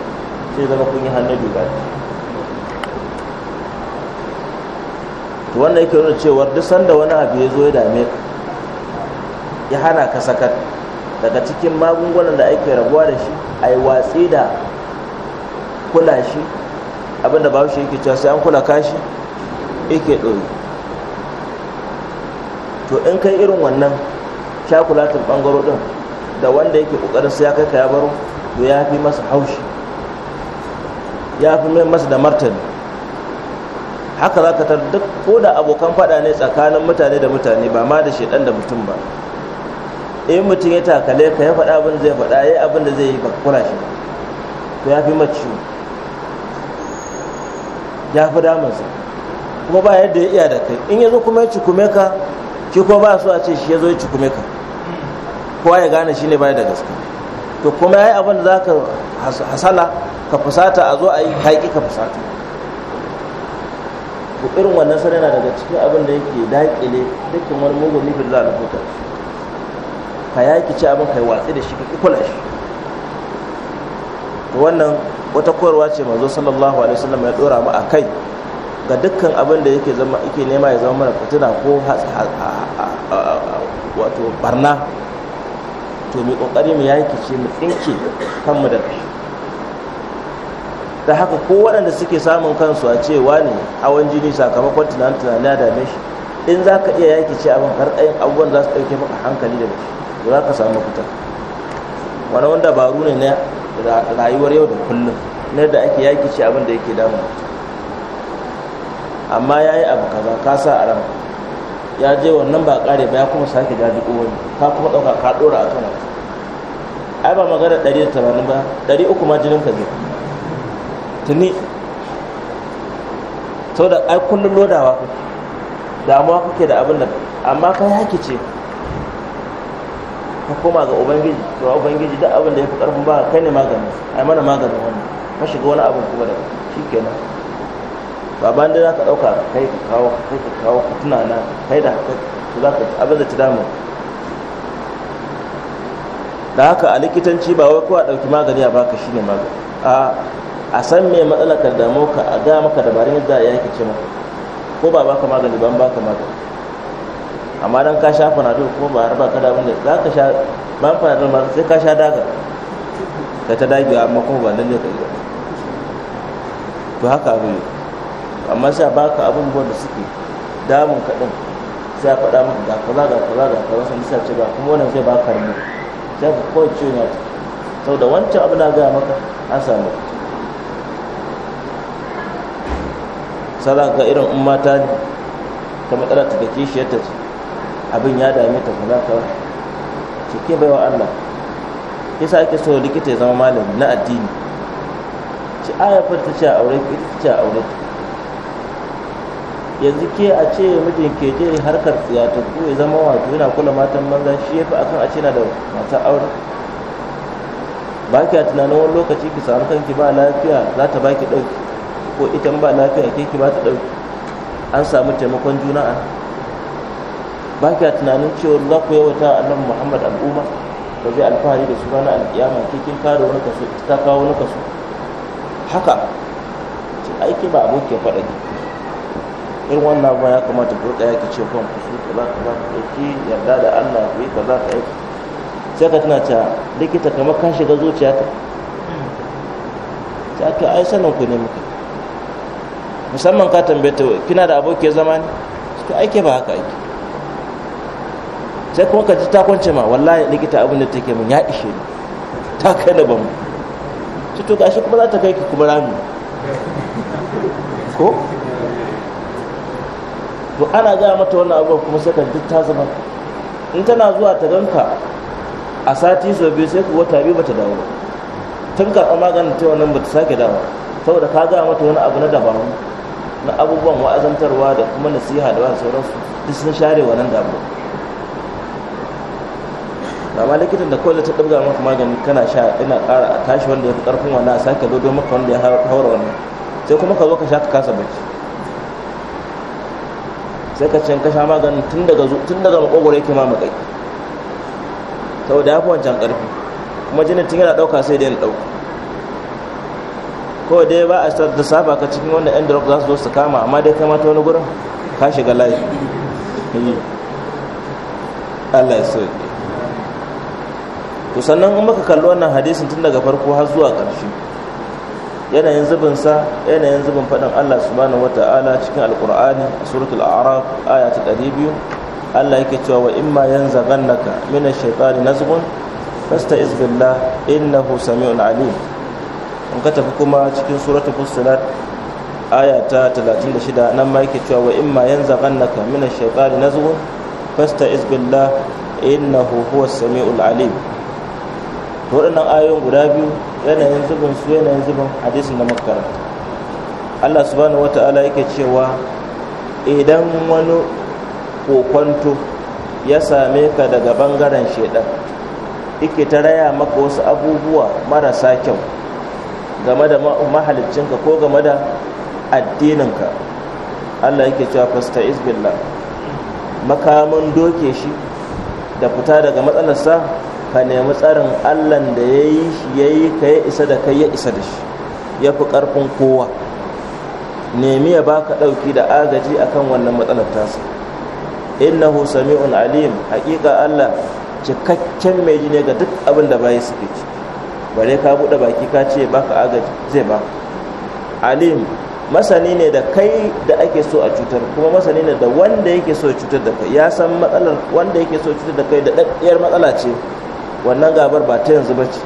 sai zama kun yi hannun duba to wannan yake nuna cewar duk sanda wani abu ya zo ya dame ka ya hana ka sakar daga cikin magungunan da ake rabuwa da shi a yi watsi da kula shi abinda babu shi yake cewa sai an kula kashi yake ɗoyi to in kai irin wannan shakulatin bangaro din da wanda yake kokarin sai ya kai ka ya baro to ya fi masa haushi ya fi mai masa da martani haka za ka tarda duk ko da abokan faɗa ne tsakanin mutane da mutane ba ma da shaidan da mutum ba in mutum ya takale ka ya faɗa abin zai faɗa ya abin da zai yi ba kula shi to ya fi mace ya fi damansa kuma ba yadda ya iya da kai in ya zo kuma ya cikume ka shi kuma ba su a ce shi ya zo ya cikume ka kowa ya gane shi ne baya da gaske to kuma ya yi abin da za ka hasala ka fusata a zo a yi haƙi ka fusata to irin wannan sanar yana daga cikin abin da yake daƙile dukkan wani mugun nufin za a rubuta ka yaƙi ci abin ka yi watsi da shi ka kula shi to wannan wata koyarwa ce manzo sallallahu alaihi wasallam ya dora mu a kai ga dukkan abin da yake zama yake nema ya zama mana fitina ko wato barna to mai kokari mu yaki ce mu tsinke kanmu da shi ta haka ko waɗanda suke samun kansu a cewa ne hawan jini sakamakon tunanin tunanin ya dame shi in za ka iya yaki ce abin har ɗayan abubuwan za su ɗauke maka hankali da shi za ka samu fitar wani wanda baru ne na rayuwar yau da kullum na yadda ake yaki ce abin da yake damu mutum amma ya yi abu kaza ka sa a ranka ya je wannan ba kare ba ya kuma sake jaji wani ka kuma ɗauka ka ɗora a kan wata ai ba magana ɗari da tamanin ba ɗari uku ma jinin ka ne tuni sau da ai kullum lodawa ku damuwa ke da abin da amma ka yi haki ce ka koma ga ubangiji to ubangiji duk abin da ya fi ƙarfin ba kai ne maganin ai mana maganin wani ka shiga wani abin kuma da shi kenan amma da za ka ɗauka kai ka kawo kai ka kawo ka tuna na kai da haka za ka abin da ta damu da haka a likitanci ba wai kowa ɗauki magani a baka shi ne magani a a san me matsala ka damu ka a ga maka dabarun yadda ya yake ce maka ko ba baka magani ba baka magani amma dan ka sha fanadol ko ba har baka da abin da za ka sha ba fanadol ma sai ka sha daga ka ta dagewa amma kuma ba lalle ka yi to haka abin yake amma sai baka abubuwan da suke damun kaɗin sai a faɗa maka ga kaza ga kaza ga kaza sun sa ce ba kuma wannan zai ka mu sai ka kawai ciwon na sau da wancan abu na gaya maka an samu sala ga irin in mata ne ta matsala ta dake shi ta ce abin ya dame ta kula ka ce ke baiwa Allah yasa ake so likita ya zama malami na addini ci ayafar ta ce a aure ki ta ce a aure ki yanzu ke a ce mijin ke je harkar tsiyatattu ko ya zama wato yana kula matan manzan shi ya fi akan a ce na da mata aure ba ki a tunanin wani lokaci ki samu kanki ba lafiya za ta baki ɗauki ko ita ba lafiya ke ki ba ta ɗauki an samu taimakon juna a ba ki a tunanin cewa za ku yawata annan muhammad al'umma ba zai alfahari da su bana na ke kin kare wani kaso ta kawo wani kaso haka aiki ba abokin faɗa ne irin wannan abuwa ya kamata ko rika yaki ce kan kusu ka za ka ɗauki yarda da Allah ku yi za ka yi sai ka tana ta likita kamar ka shiga zuciya ta ta to ai sanin ku ne muka musamman ka tambaye ta kina da aboki zama ne to aike ba haka aiki sai kuma ka ji ta kwance ma wallahi likita abin da take mun ya ishe ni ta kai da ban mu to gashi kuma za ta kai ki kuma rami to ana gaya mata wannan abubuwan kuma sai ka duk ta zama in tana zuwa ta ganka a sati sau biyu sai ku wata biyu bata dawo tun karɓar maganin ta wannan bata sake dawo saboda ka gaya mata wani abu na dabaru na abubuwan wa'azantarwa da kuma nasiha da wani sauransu duk sun share wannan damuwa amma likitan da kawai ta ɗabga maka magani kana sha ina ƙara a tashi wanda ya fi ƙarfin wannan a sake dodo maka wanda ya haura wannan sai kuma ka zo ka sha ka kasa bacci sai ka can kasha maganin tun daga tun daga makogoro yake ma makai saboda ya fi wancan karfi kuma jinin tun yana dauka sai da yin dauka kawai dai ba a da safa ka cikin wanda yan drop za su zo su kama amma dai kama ta wani gurin ka shiga layi Allah ya sauke to sannan in muka kalli wannan hadisin tun daga farko har zuwa ƙarshe yanayin sa yanayin zubin faɗin Allah subhanahu wata'ala cikin alqur'ani suratul a'raf aya ta 200 Allah yake cewa wa imma yanzaghannaka min ash-shaytani nazghun fasta'iz billah innahu sami'un alim in ka tafi kuma cikin suratul fussilat aya ta 36 nan ma yake cewa wa imma yanzaghannaka min ash-shaytani nazghun fasta'iz billah innahu huwas sami'ul alim waɗannan ayoyin guda biyu yanayin zubin su yanayin zubin hadisin na makaranta Allah subhanahu wata'ala yake cewa idan wani kokwanto ya same ka daga bangaren shedan ike ta raya maka wasu abubuwa marasa kyau game da mahalicinka ko game da addininka Allah yake cewa fasta'iz billah makamin doke shi da fita daga matsalarsa ka nemi tsarin allan da ya yi shi ya yi ka ya isa da kai ya isa da shi ya fi ƙarfin kowa nemi ya baka ɗauki da agaji akan wannan matsalar tasa innahu sami'un alim haƙiƙa allah cikakken mai ji ne ga duk abin da bayi suke ci bare ka buɗe baki ka ce baka agaji zai ba alim masani ne da kai da ake so a cutar kuma masani ne da wanda yake so cutar da kai ya san matsalar wanda yake so cutar da kai da ɗaɗɗiyar matsala ce wannan gabar ba ta yanzu ba ce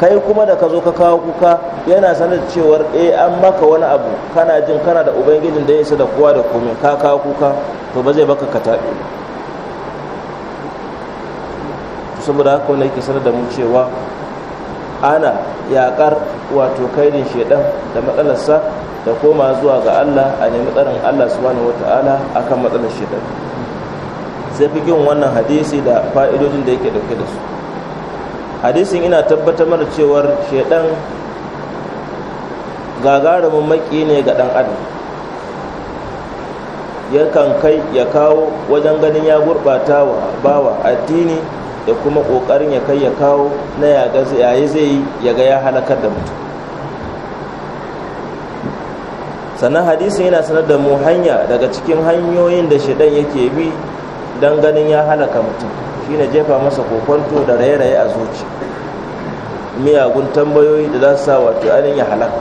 kai kuma da ka zo ka kawo kuka yana sanar cewar eh an maka wani abu kana jin kana da ubangijin da ya isa da kowa da komai ka kawo kuka to ba zai baka ka taɓe saboda haka wani yake sanar da mu cewa ana yaƙar wato kaidin shaidan da matsalarsa da koma zuwa ga Allah a nemi tsarin Allah subhanahu wata'ala akan matsalar shaidan. sai kin wannan hadisi da fa'idodin da yake dauke da su hadisin ina tabbatar mana cewar shaidan gagarumin maki ne ga dan adam yakan kai ya kawo wajen ganin ya gurɓata wa bawa addini da kuma ƙoƙarin ya kai ya kawo na yayi zai yi ya ga ya halakar da mutum sannan hadisin yana sanar da mu hanya daga cikin hanyoyin da shaidan yake bi don ganin ya halaka mutum shi shine jefa masa kokonto da raye-raye a zuci miyagun tambayoyi da za su sa wato anin ya halaka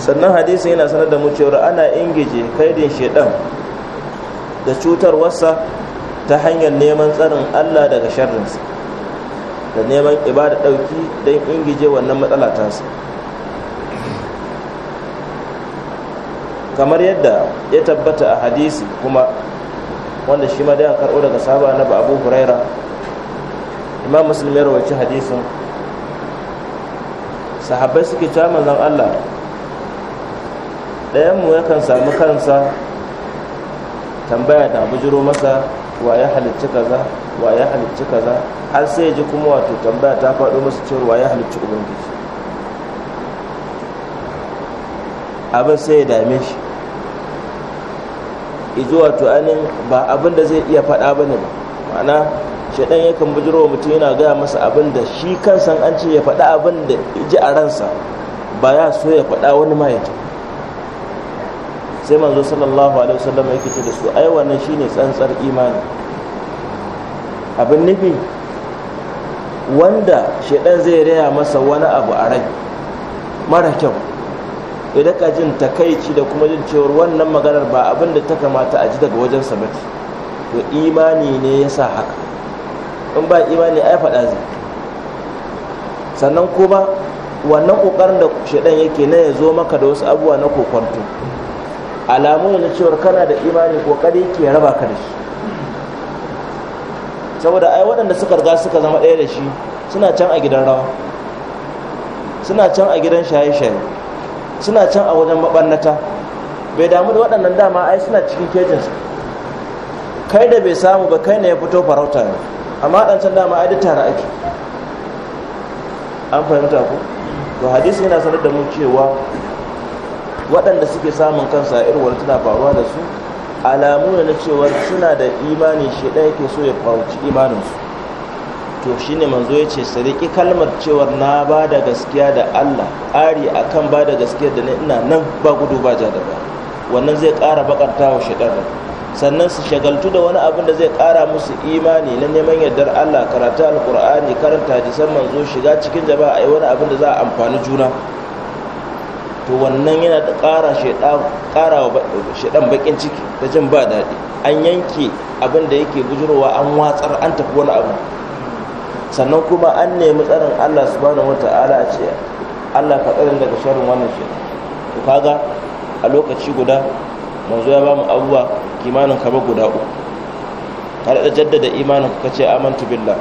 sannan hadisin yana sanar da mucewar ana ingije kaidin shaidan da cutarwarsa ta hanyar neman tsarin allah daga sharrinsa da neman ibada dauki don ingije wannan matsala kamar yadda ya tabbata a hadisi kuma wanda shi ma dai an karɓo daga sahaba ba abu huraira imam muslim ya rawaci hadisin sahabai suke cewa manzon Allah ɗayan mu yakan sami kansa tambaya da bujiro masa wa ya halicci kaza wa ya halicci kaza har sai ji kuma wato tambaya ta faɗo masa cewa wa ya halicci ubangiji abin sai ya dame shi izuwa to ba abin da zai iya faɗa ba ne ma'ana shaɗan yakan bujiro mutum yana gaya masa abin da shi san an ce ya faɗa abin da ji a ransa ba ya so ya faɗa wani ma yake sai manzo sallallahu alaihi wasallam yake ce da su ai wannan shine tsantsar imani abin nufi wanda shaɗan zai raya masa wani abu a rai mara kyau ya daka jin takaici da kuma jin cewar wannan maganar ba abin da ta kamata a ji daga wajen sa to imani ne ya sa haka in ba imani ai faɗa zai sannan kuma wannan ƙoƙarin da shaidan yake na ya zo maka da wasu abubuwa na kokonto alamu ne cewar kana da imani ƙoƙari ke raba ka da shi saboda ai waɗanda suka riga suka zama ɗaya da shi suna can a gidan rawa suna can a gidan shaye-shaye suna can a wajen mabarnata bai damu da waɗannan dama ai suna cikin su kai da bai samu ba kai ne ya fito farauta ne amma can dama ai da tare ake an fahimta ku to hadisi yana sanar da mu cewa waɗanda suke samun kansa irin wani tana faruwa da su alamu ne na cewa suna da imani shi ɗaya ke so ya faruci imaninsu to shine manzo ya ce sadiki kalmar cewar na ba da gaskiya da Allah ari akan ba da gaskiya da ina nan ba gudu ba ja da ba wannan zai ƙara bakanta wa shaɗar sannan su shagaltu da wani abin da zai ƙara musu imani na neman yardar Allah karatu al'kur'ani karanta hadisan manzo shiga cikin jama'a ai wani abin da za a amfani juna to wannan yana da ƙara ƙara wa shaɗan bakin ciki da jin ba daɗi an yanke abin da yake bujurowa an watsar an tafi wani abu sannan kuma an nemi tsarin Allah subhanahu Ta'ala a ce Allah ka tsarin daga shirin wannan shi Ku kaga a lokaci guda manzo ya bamu abubuwa kimanin kaba guda uku ka da jaddada imanin ka ce amantu billah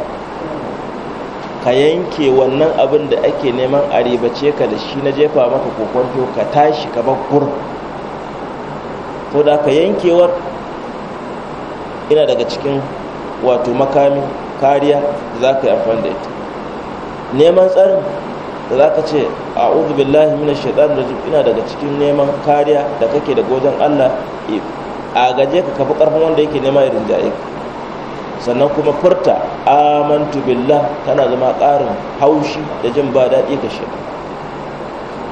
ka yanke wannan abin da ake neman a ribace ka da shi na jefa maka kokonto ka tashi ka bakkur to da ka yankewar ina daga cikin wato makami kariya da za ka yi amfani da ita neman tsarin da za ka ce a uzu billahi mina shaitan da ina daga cikin neman kariya da kake da wajen allah a gaje ka kafi karfin wanda yake nema irin rinjaye sannan kuma furta amantu billah tana zama ƙarin haushi da jin ba daɗi ka shi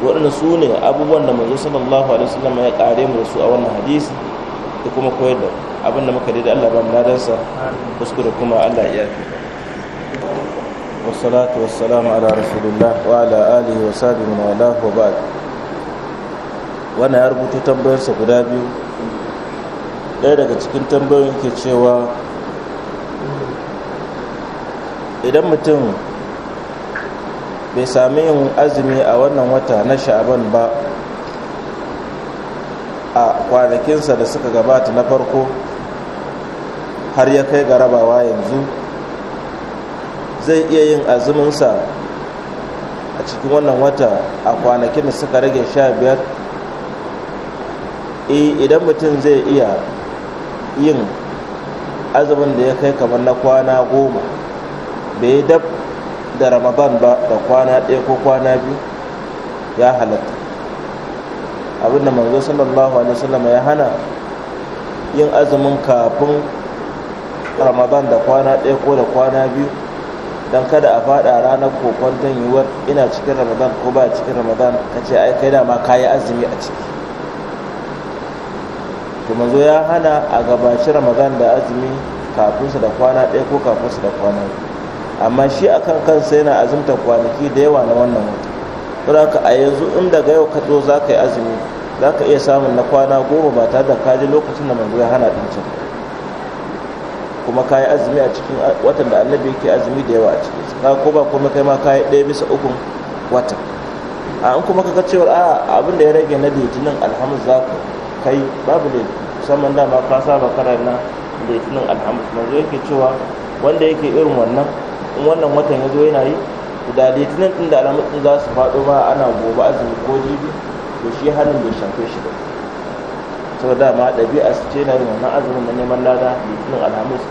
waɗanda su ne abubuwan da manzo sallallahu alaihi wasallam ya ƙare mu da su a wannan hadisi da kuma koyar da abin da muka da Allah ba mu ladansa kuskure kuma Allah ya salatu wa salamu ala rasulullah wa ala alihi wa min wa ala wa ba'd wannan ya rubuta tambayarsa guda biyu ɗaya daga cikin tambayoyin ke cewa idan mutum bai sami yin azumi a wannan wata na sha'aban ba a kwanakinsa da suka gabata na farko har ya kai ga rabawa yanzu zai iya yin azuminsa a cikin wannan wata a kwanakin da suka rage sha biyar e, idan mutum zai iya yin azumin da ya kai kamar na kwana goma bai dab da ramadan ba da kwana ɗaya ko kwana biyu ya halatta abinda manzo sallallahu alaihi wasallam ya hana yin azumin kafin ramadan da kwana ɗaya ko da kwana biyu don kada a faɗa ranar kwantan yiwuwar ina cikin ramadan ko ba cikin ramadan ka ce ai kai dama kayi azumi a ciki to manzo ya hana a gabaci ramadan da azumi su da kwana ɗaya ko kafinsa da kwana biyu amma shi akan kansa yana azumta kwanaki da yawa na wannan wata saboda a yanzu in daga yau ka zo za ka yi azumi za ka iya samun na kwana goma ba tare da kaji lokacin da mai ya hana ɗin can kuma ka yi azumi a cikin watan da annabi yake azumi da yawa a cikin sa ko ba kuma kai ma ka yi ɗaya bisa ukun watan a an kuma ka cewa a abin da ya rage na litinin alhamis za ka kai babu da musamman dama ka saba kara na litinin alhamis manzo yake cewa wanda yake irin wannan in wannan watan ya zo yana yi da litinin din da alamun din za su faɗo ba ana gobe azumi ko jibi to shi hannun bai shafe shi ba da dama ɗabi'a su ce na da wannan azumin na neman lada litinin alhamis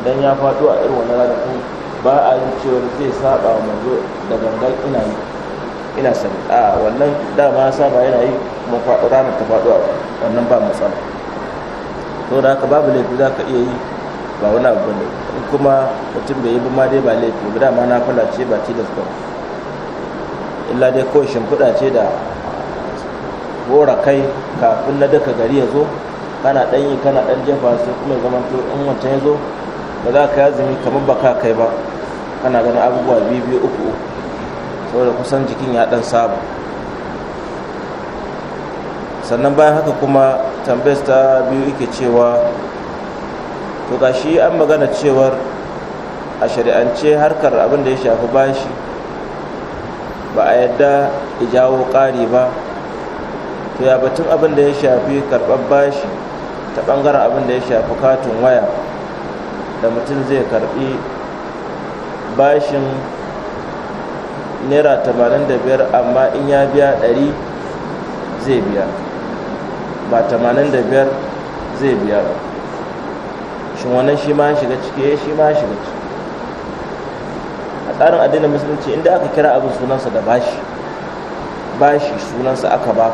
idan ya faɗo a irin wannan lada din ba a yi cewa zai saba wa manzo da gangan ina yi ina sani a wannan dama ya saba yana yi kuma faɗo ranar ta faɗo a wannan ba matsala to da haka babu laifi za ka iya yi ba wani abu ne in kuma mutum bai yi ba ma dai ba laifi ba dama na kula ce ba tilas ba illa dai kawai shimfiɗa ce da gora kai kafin na daka gari ya zo kana ɗan yi kana ɗan jefa su kuma zama to in wancan ya zo ba za ka yazumi kamar ba kai ba kana ganin abubuwa biyu biyu uku saboda kusan jikin ya ɗan saba sannan bayan haka kuma tambayar ta biyu ike cewa to ga shi an magana cewar a shari'ance harkar abin da ya shafi bashi ba a yadda ya jawo ƙari ba to ya batun abin da ya shafi karɓar bashi ta ɓangaren abin da ya shafi katon waya da mutum zai karɓi bashin naira 85 amma in ya biya 100 zai biya ba 85 zai biya ba shin wannan shi ma shiga ciki eh, shi ma shiga ciki a tsarin addinin musulunci inda aka kira abin sunansa da bashi bashi sunansa aka ba,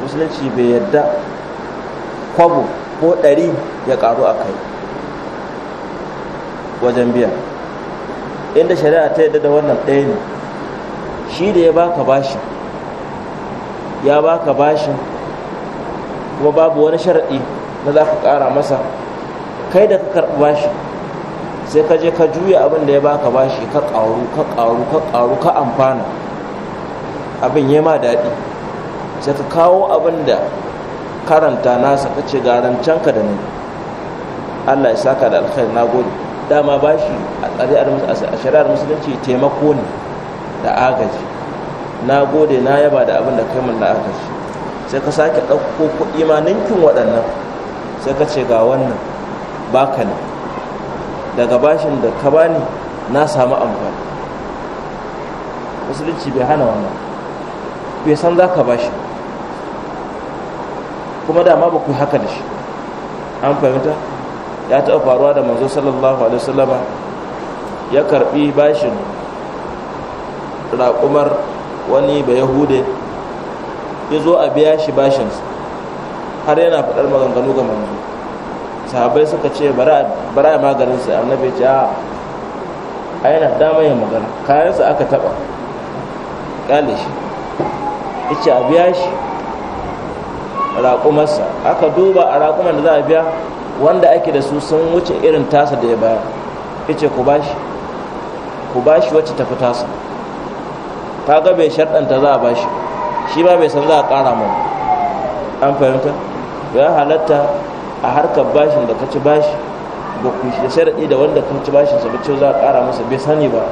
musulunci bai yadda kwabo ko ɗari ya ƙaru a kai wajen biya inda shari'a ta yadda da wannan ɗaya ne shi da ya baka bashi ya baka bashin kuma babu wani sharaɗi na za ka ƙara masa kai da ka karɓi bashi sai ka je ka juya abin da ya baka bashi ka ƙaru ka ƙaru ka ƙaru ka amfana abin ya ma daɗi sai ka kawo abin da karanta nasa ka ce ga ka da ni allah ya saka da alkhairi na gode dama bashi a shari'ar musulunci taimako ne da agaji na gode na yaba da abin da kai mun da agaji sai ka sake ɗauko kuɗi ma ninkin waɗannan sai ka ce ga wannan baka ne daga bashin da ka bani na samu amfani musulunci bai hana wannan bai san za ka bashi kuma dama ba ku haka da shi an fahimta ya taɓa faruwa da manzo sallallahu alaihi wasallama ya karɓi bashin raƙumar wani ba yahude ya zo a biya shi bashinsa har yana faɗar maganganu ga manzo sahabai suka ce bara ya maganin sai annabi ce a yana damar ya magana kayansa aka taba kyale shi ice a biya shi raƙumarsa aka duba a raƙumar da za a biya wanda ake da su sun wuce irin tasa da ya baya. Ice ku bashi ku shi wacce tafi tasa ga bai sharɗanta za a bashi shi ba bai san za a ƙara mana an fahimta ya halatta a harkar bashin da ka ci bashi ba ku shi sharaɗi da wanda ka ci bashin sa bace za a ƙara masa bai sani ba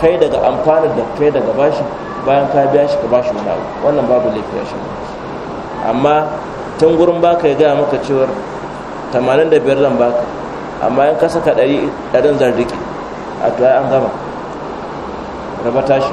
kai daga amfanin da kai daga bashin bayan ka biya shi ka bashi wani abu wannan babu laifi ya shiga amma tun gurin baka ya gaya maka cewar tamanin da biyar zan baka amma in ka saka ɗarin zan rike a to an gama raba tashi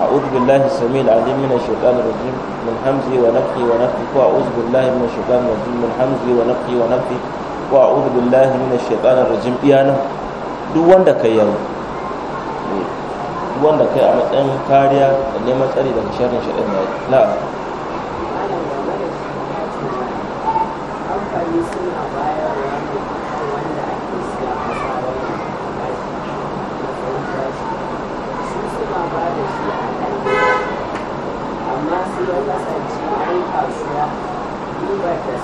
أعوذ بالله السميع العليم من الشيطان الرجيم من همزي ونفخي ونفخي وأعوذ بالله من الشيطان الرجيم من همزي ونفخي ونفخي وأعوذ بالله من الشيطان الرجيم إيانا duk wanda kai yayi duk wanda kai a matsayin kariya da neman tsari daga sharrin shaɗan yayi na'am
amfani sun a baya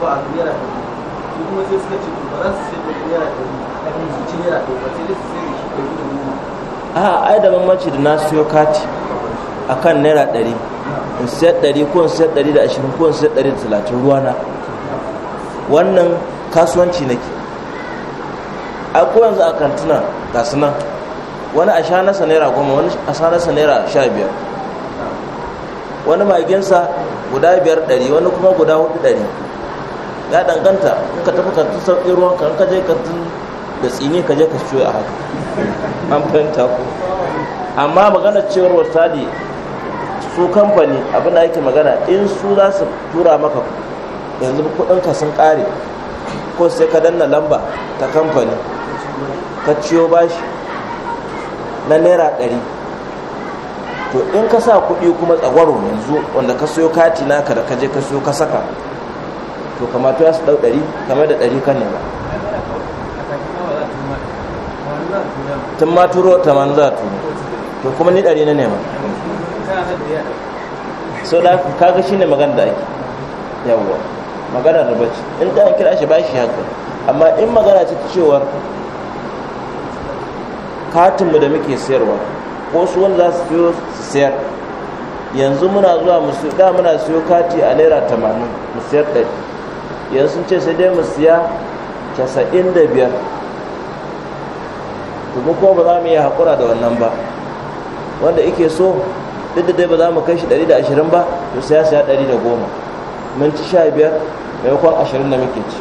ba a naira su kuma sai suka ce ba za su sai da naira kafin su sai su sai da shi
da a ai da bambanci da na siyo kati a kan naira ɗari in sayar ɗari ko in sayar ɗari da ashirin ko in sayar ɗari da talatin ruwana wannan kasuwanci nake a ko yanzu a kantuna ga su nan wani a sha nasa naira goma wani a sha nasa naira sha biyar wani magensa guda biyar ɗari wani kuma guda hudu ɗari ya danganta in ka tafi ka sauƙi ruwan ka ka je ka da tsini ka je ka ciyo a haka an fahimta ku amma magana cewar wasali su kamfani abin da yake magana in su za su tura maka yanzu kudin ka sun kare ko sai ka danna lamba ta kamfani ka ciyo bashi na naira ɗari to in ka sa kuɗi kuma tsagwaro yanzu wanda ka siyo kati naka da ka je ka siyo ka saka to kamata ya su dau ɗari kamar da ɗari kan nema tun ma turo ta man za tu to kuma ni ɗari na nema so da kaga shine magana da ake yawwa magana da bacci in an kira shi bashi haka amma in magana ce ta cewar katinmu da muke sayarwa ko su wanda za su siyo su sayar yanzu muna zuwa musu. da muna siyo kati a naira tamanin mu sayar ɗari yanzu sun ce sai dai mu siya casa'in da biyar domin kuma ba za mu yi haƙura da wannan ba wanda ike so duk da dai ba za mu kai shi 120 ba to siya siya 110 da goma minti sha biyar maimakon ashirin da muke ci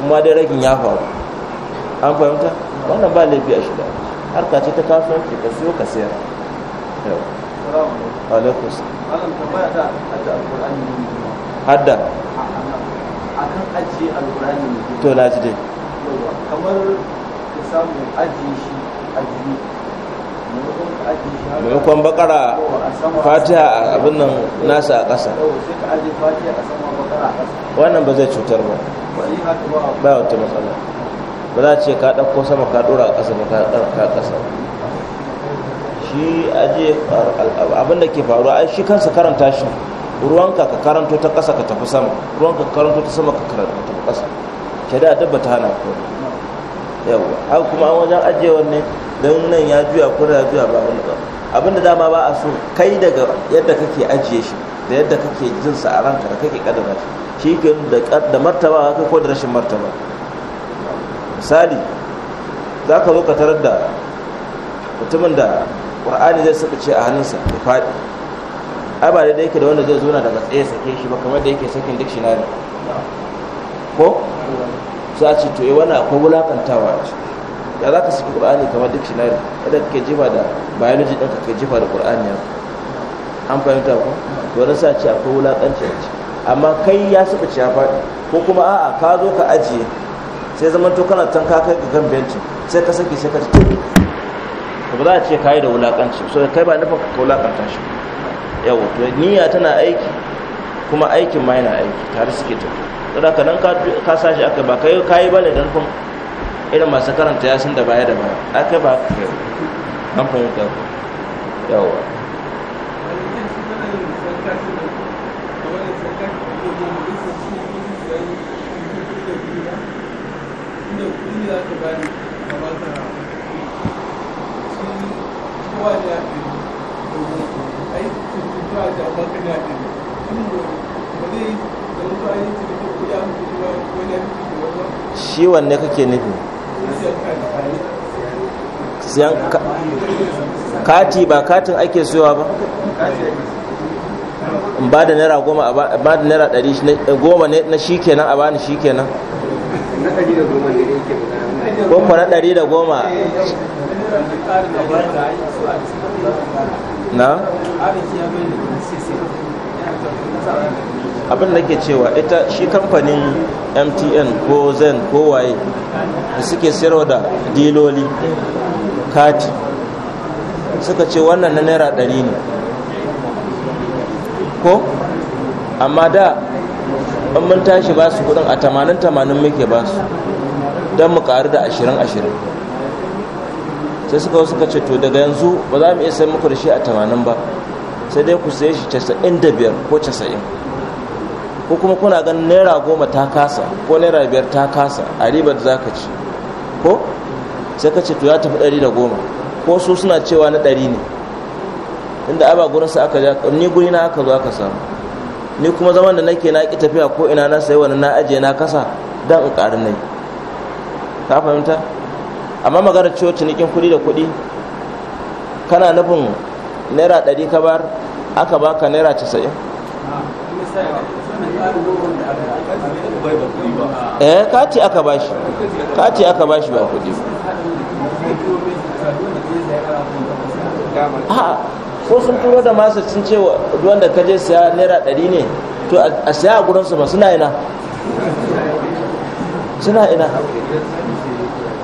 kuma dai ragin ya faru an fahimta wannan ba laifi a shida harka ce ta kasuwanci ka siyo ka siya. alaikus hadda
akan ajiye alkurani ne to dai kamar ka samu ajiye shi ajiye maimakon bakara fatiha abin nan nasa a ƙasa
wannan ba zai cutar ba ba wata matsala ba za ce ka ɗauko sama ka ɗora a ƙasa ba ka ƙasa shi aje abin da ke faruwa ai shi kansa karanta shi ruwanka ka karanto ta ƙasa ka tafi sama ruwanka ka karanto ta sama ka karanto ta tafi ƙasa shari'a duk ba ta hana ku yawa haka kuma an wajen ajiyewar ne don nan ya juya kuna ya juya ba wani ba abinda dama ba a so kai daga yadda kake ajiye shi da yadda kake jin sa a ranka da kake kadara shi shi ke da martaba kai ko da rashin martaba misali za ka zo ka tarar da mutumin da ƙur'ani zai saka ce a hannunsa ya faɗi ai ba daidai yake da wanda zai zo na daga tsaye sake shi ba kamar da yake sakin ne ko za ce to yi eh, wani akwai wulakantawa ya za ka saki ƙur'ani kamar dictionary kada kake jifa da biology ɗin ka jifa da ƙur'ani ya an fahimta ko to wani sa ce akwai wulakanci a ce amma kai ya saba ci ya faɗi ko kuma a'a ka zo ka ajiye sai zaman to kana tan ka kai ga kan bencin sai ka saki sai ka ce to ba za a ce ka yi da wulakanci so kai ba nufin ka wulakanta shi yau to niyya tana aiki kuma aikin ma yana aiki tare suke tafi saboda ka dan ka sashi aka ba kai kai ne dan kun irin masu karanta ya sun da baya da baya aka ba ka kai an fahimta ku yawa Yeah. shi wanne kake nufi siyan kati ba katin ake soyawa ba ba da naira goma ba da naira dari eh, goma na shi kenan a bani shi kenan ko na ɗari da goma na abin da ke cewa ita shi kamfanin mtn ko zen ko waye da suke sayarwa da diloli kati suka ce wannan na naira ɗari ne ko amma da in mun tashi ba su kudin a tamanin tamanin muke ba su don mu karu da ashirin ashirin sai suka suka ce to daga yanzu ba za mu iya sai muku da shi a tamanin ba sai dai ku sai shi casa'in da biyar ko casa'in ko kuma kuna ganin naira goma ta kasa ko naira biyar ta kasa a ribar da za ka ci ko sai ka ce to ya tafi ɗari da goma ko su suna cewa na ɗari ne inda aba gurin sa aka ja ni guri na aka zo aka samu ni kuma zaman da nake na ki tafiya ko ina na sayi wani na ajiye na kasa dan in ƙarin nai ka fahimta amma maganar cewa cinikin kuɗi da kuɗi kana nufin naira ɗari ka bar aka baka naira casa'in eh kati aka bashi kati aka bashi ba kuɗi ha ko sun turo da masu sun ce wanda ka je siya naira ɗari ne to a siya a gurinsu ba suna ina suna ina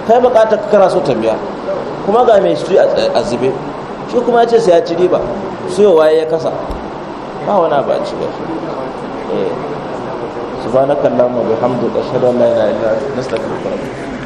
kai bukatar ka so ta biya kuma ga mai shi a zube shi kuma ya ce sai ya ci riba yi waye ya kasa ba wana ba ci ba eh. subhanakallahumma bihamdika ashhadu an la ilaha na anta astaghfiruka nasta atubu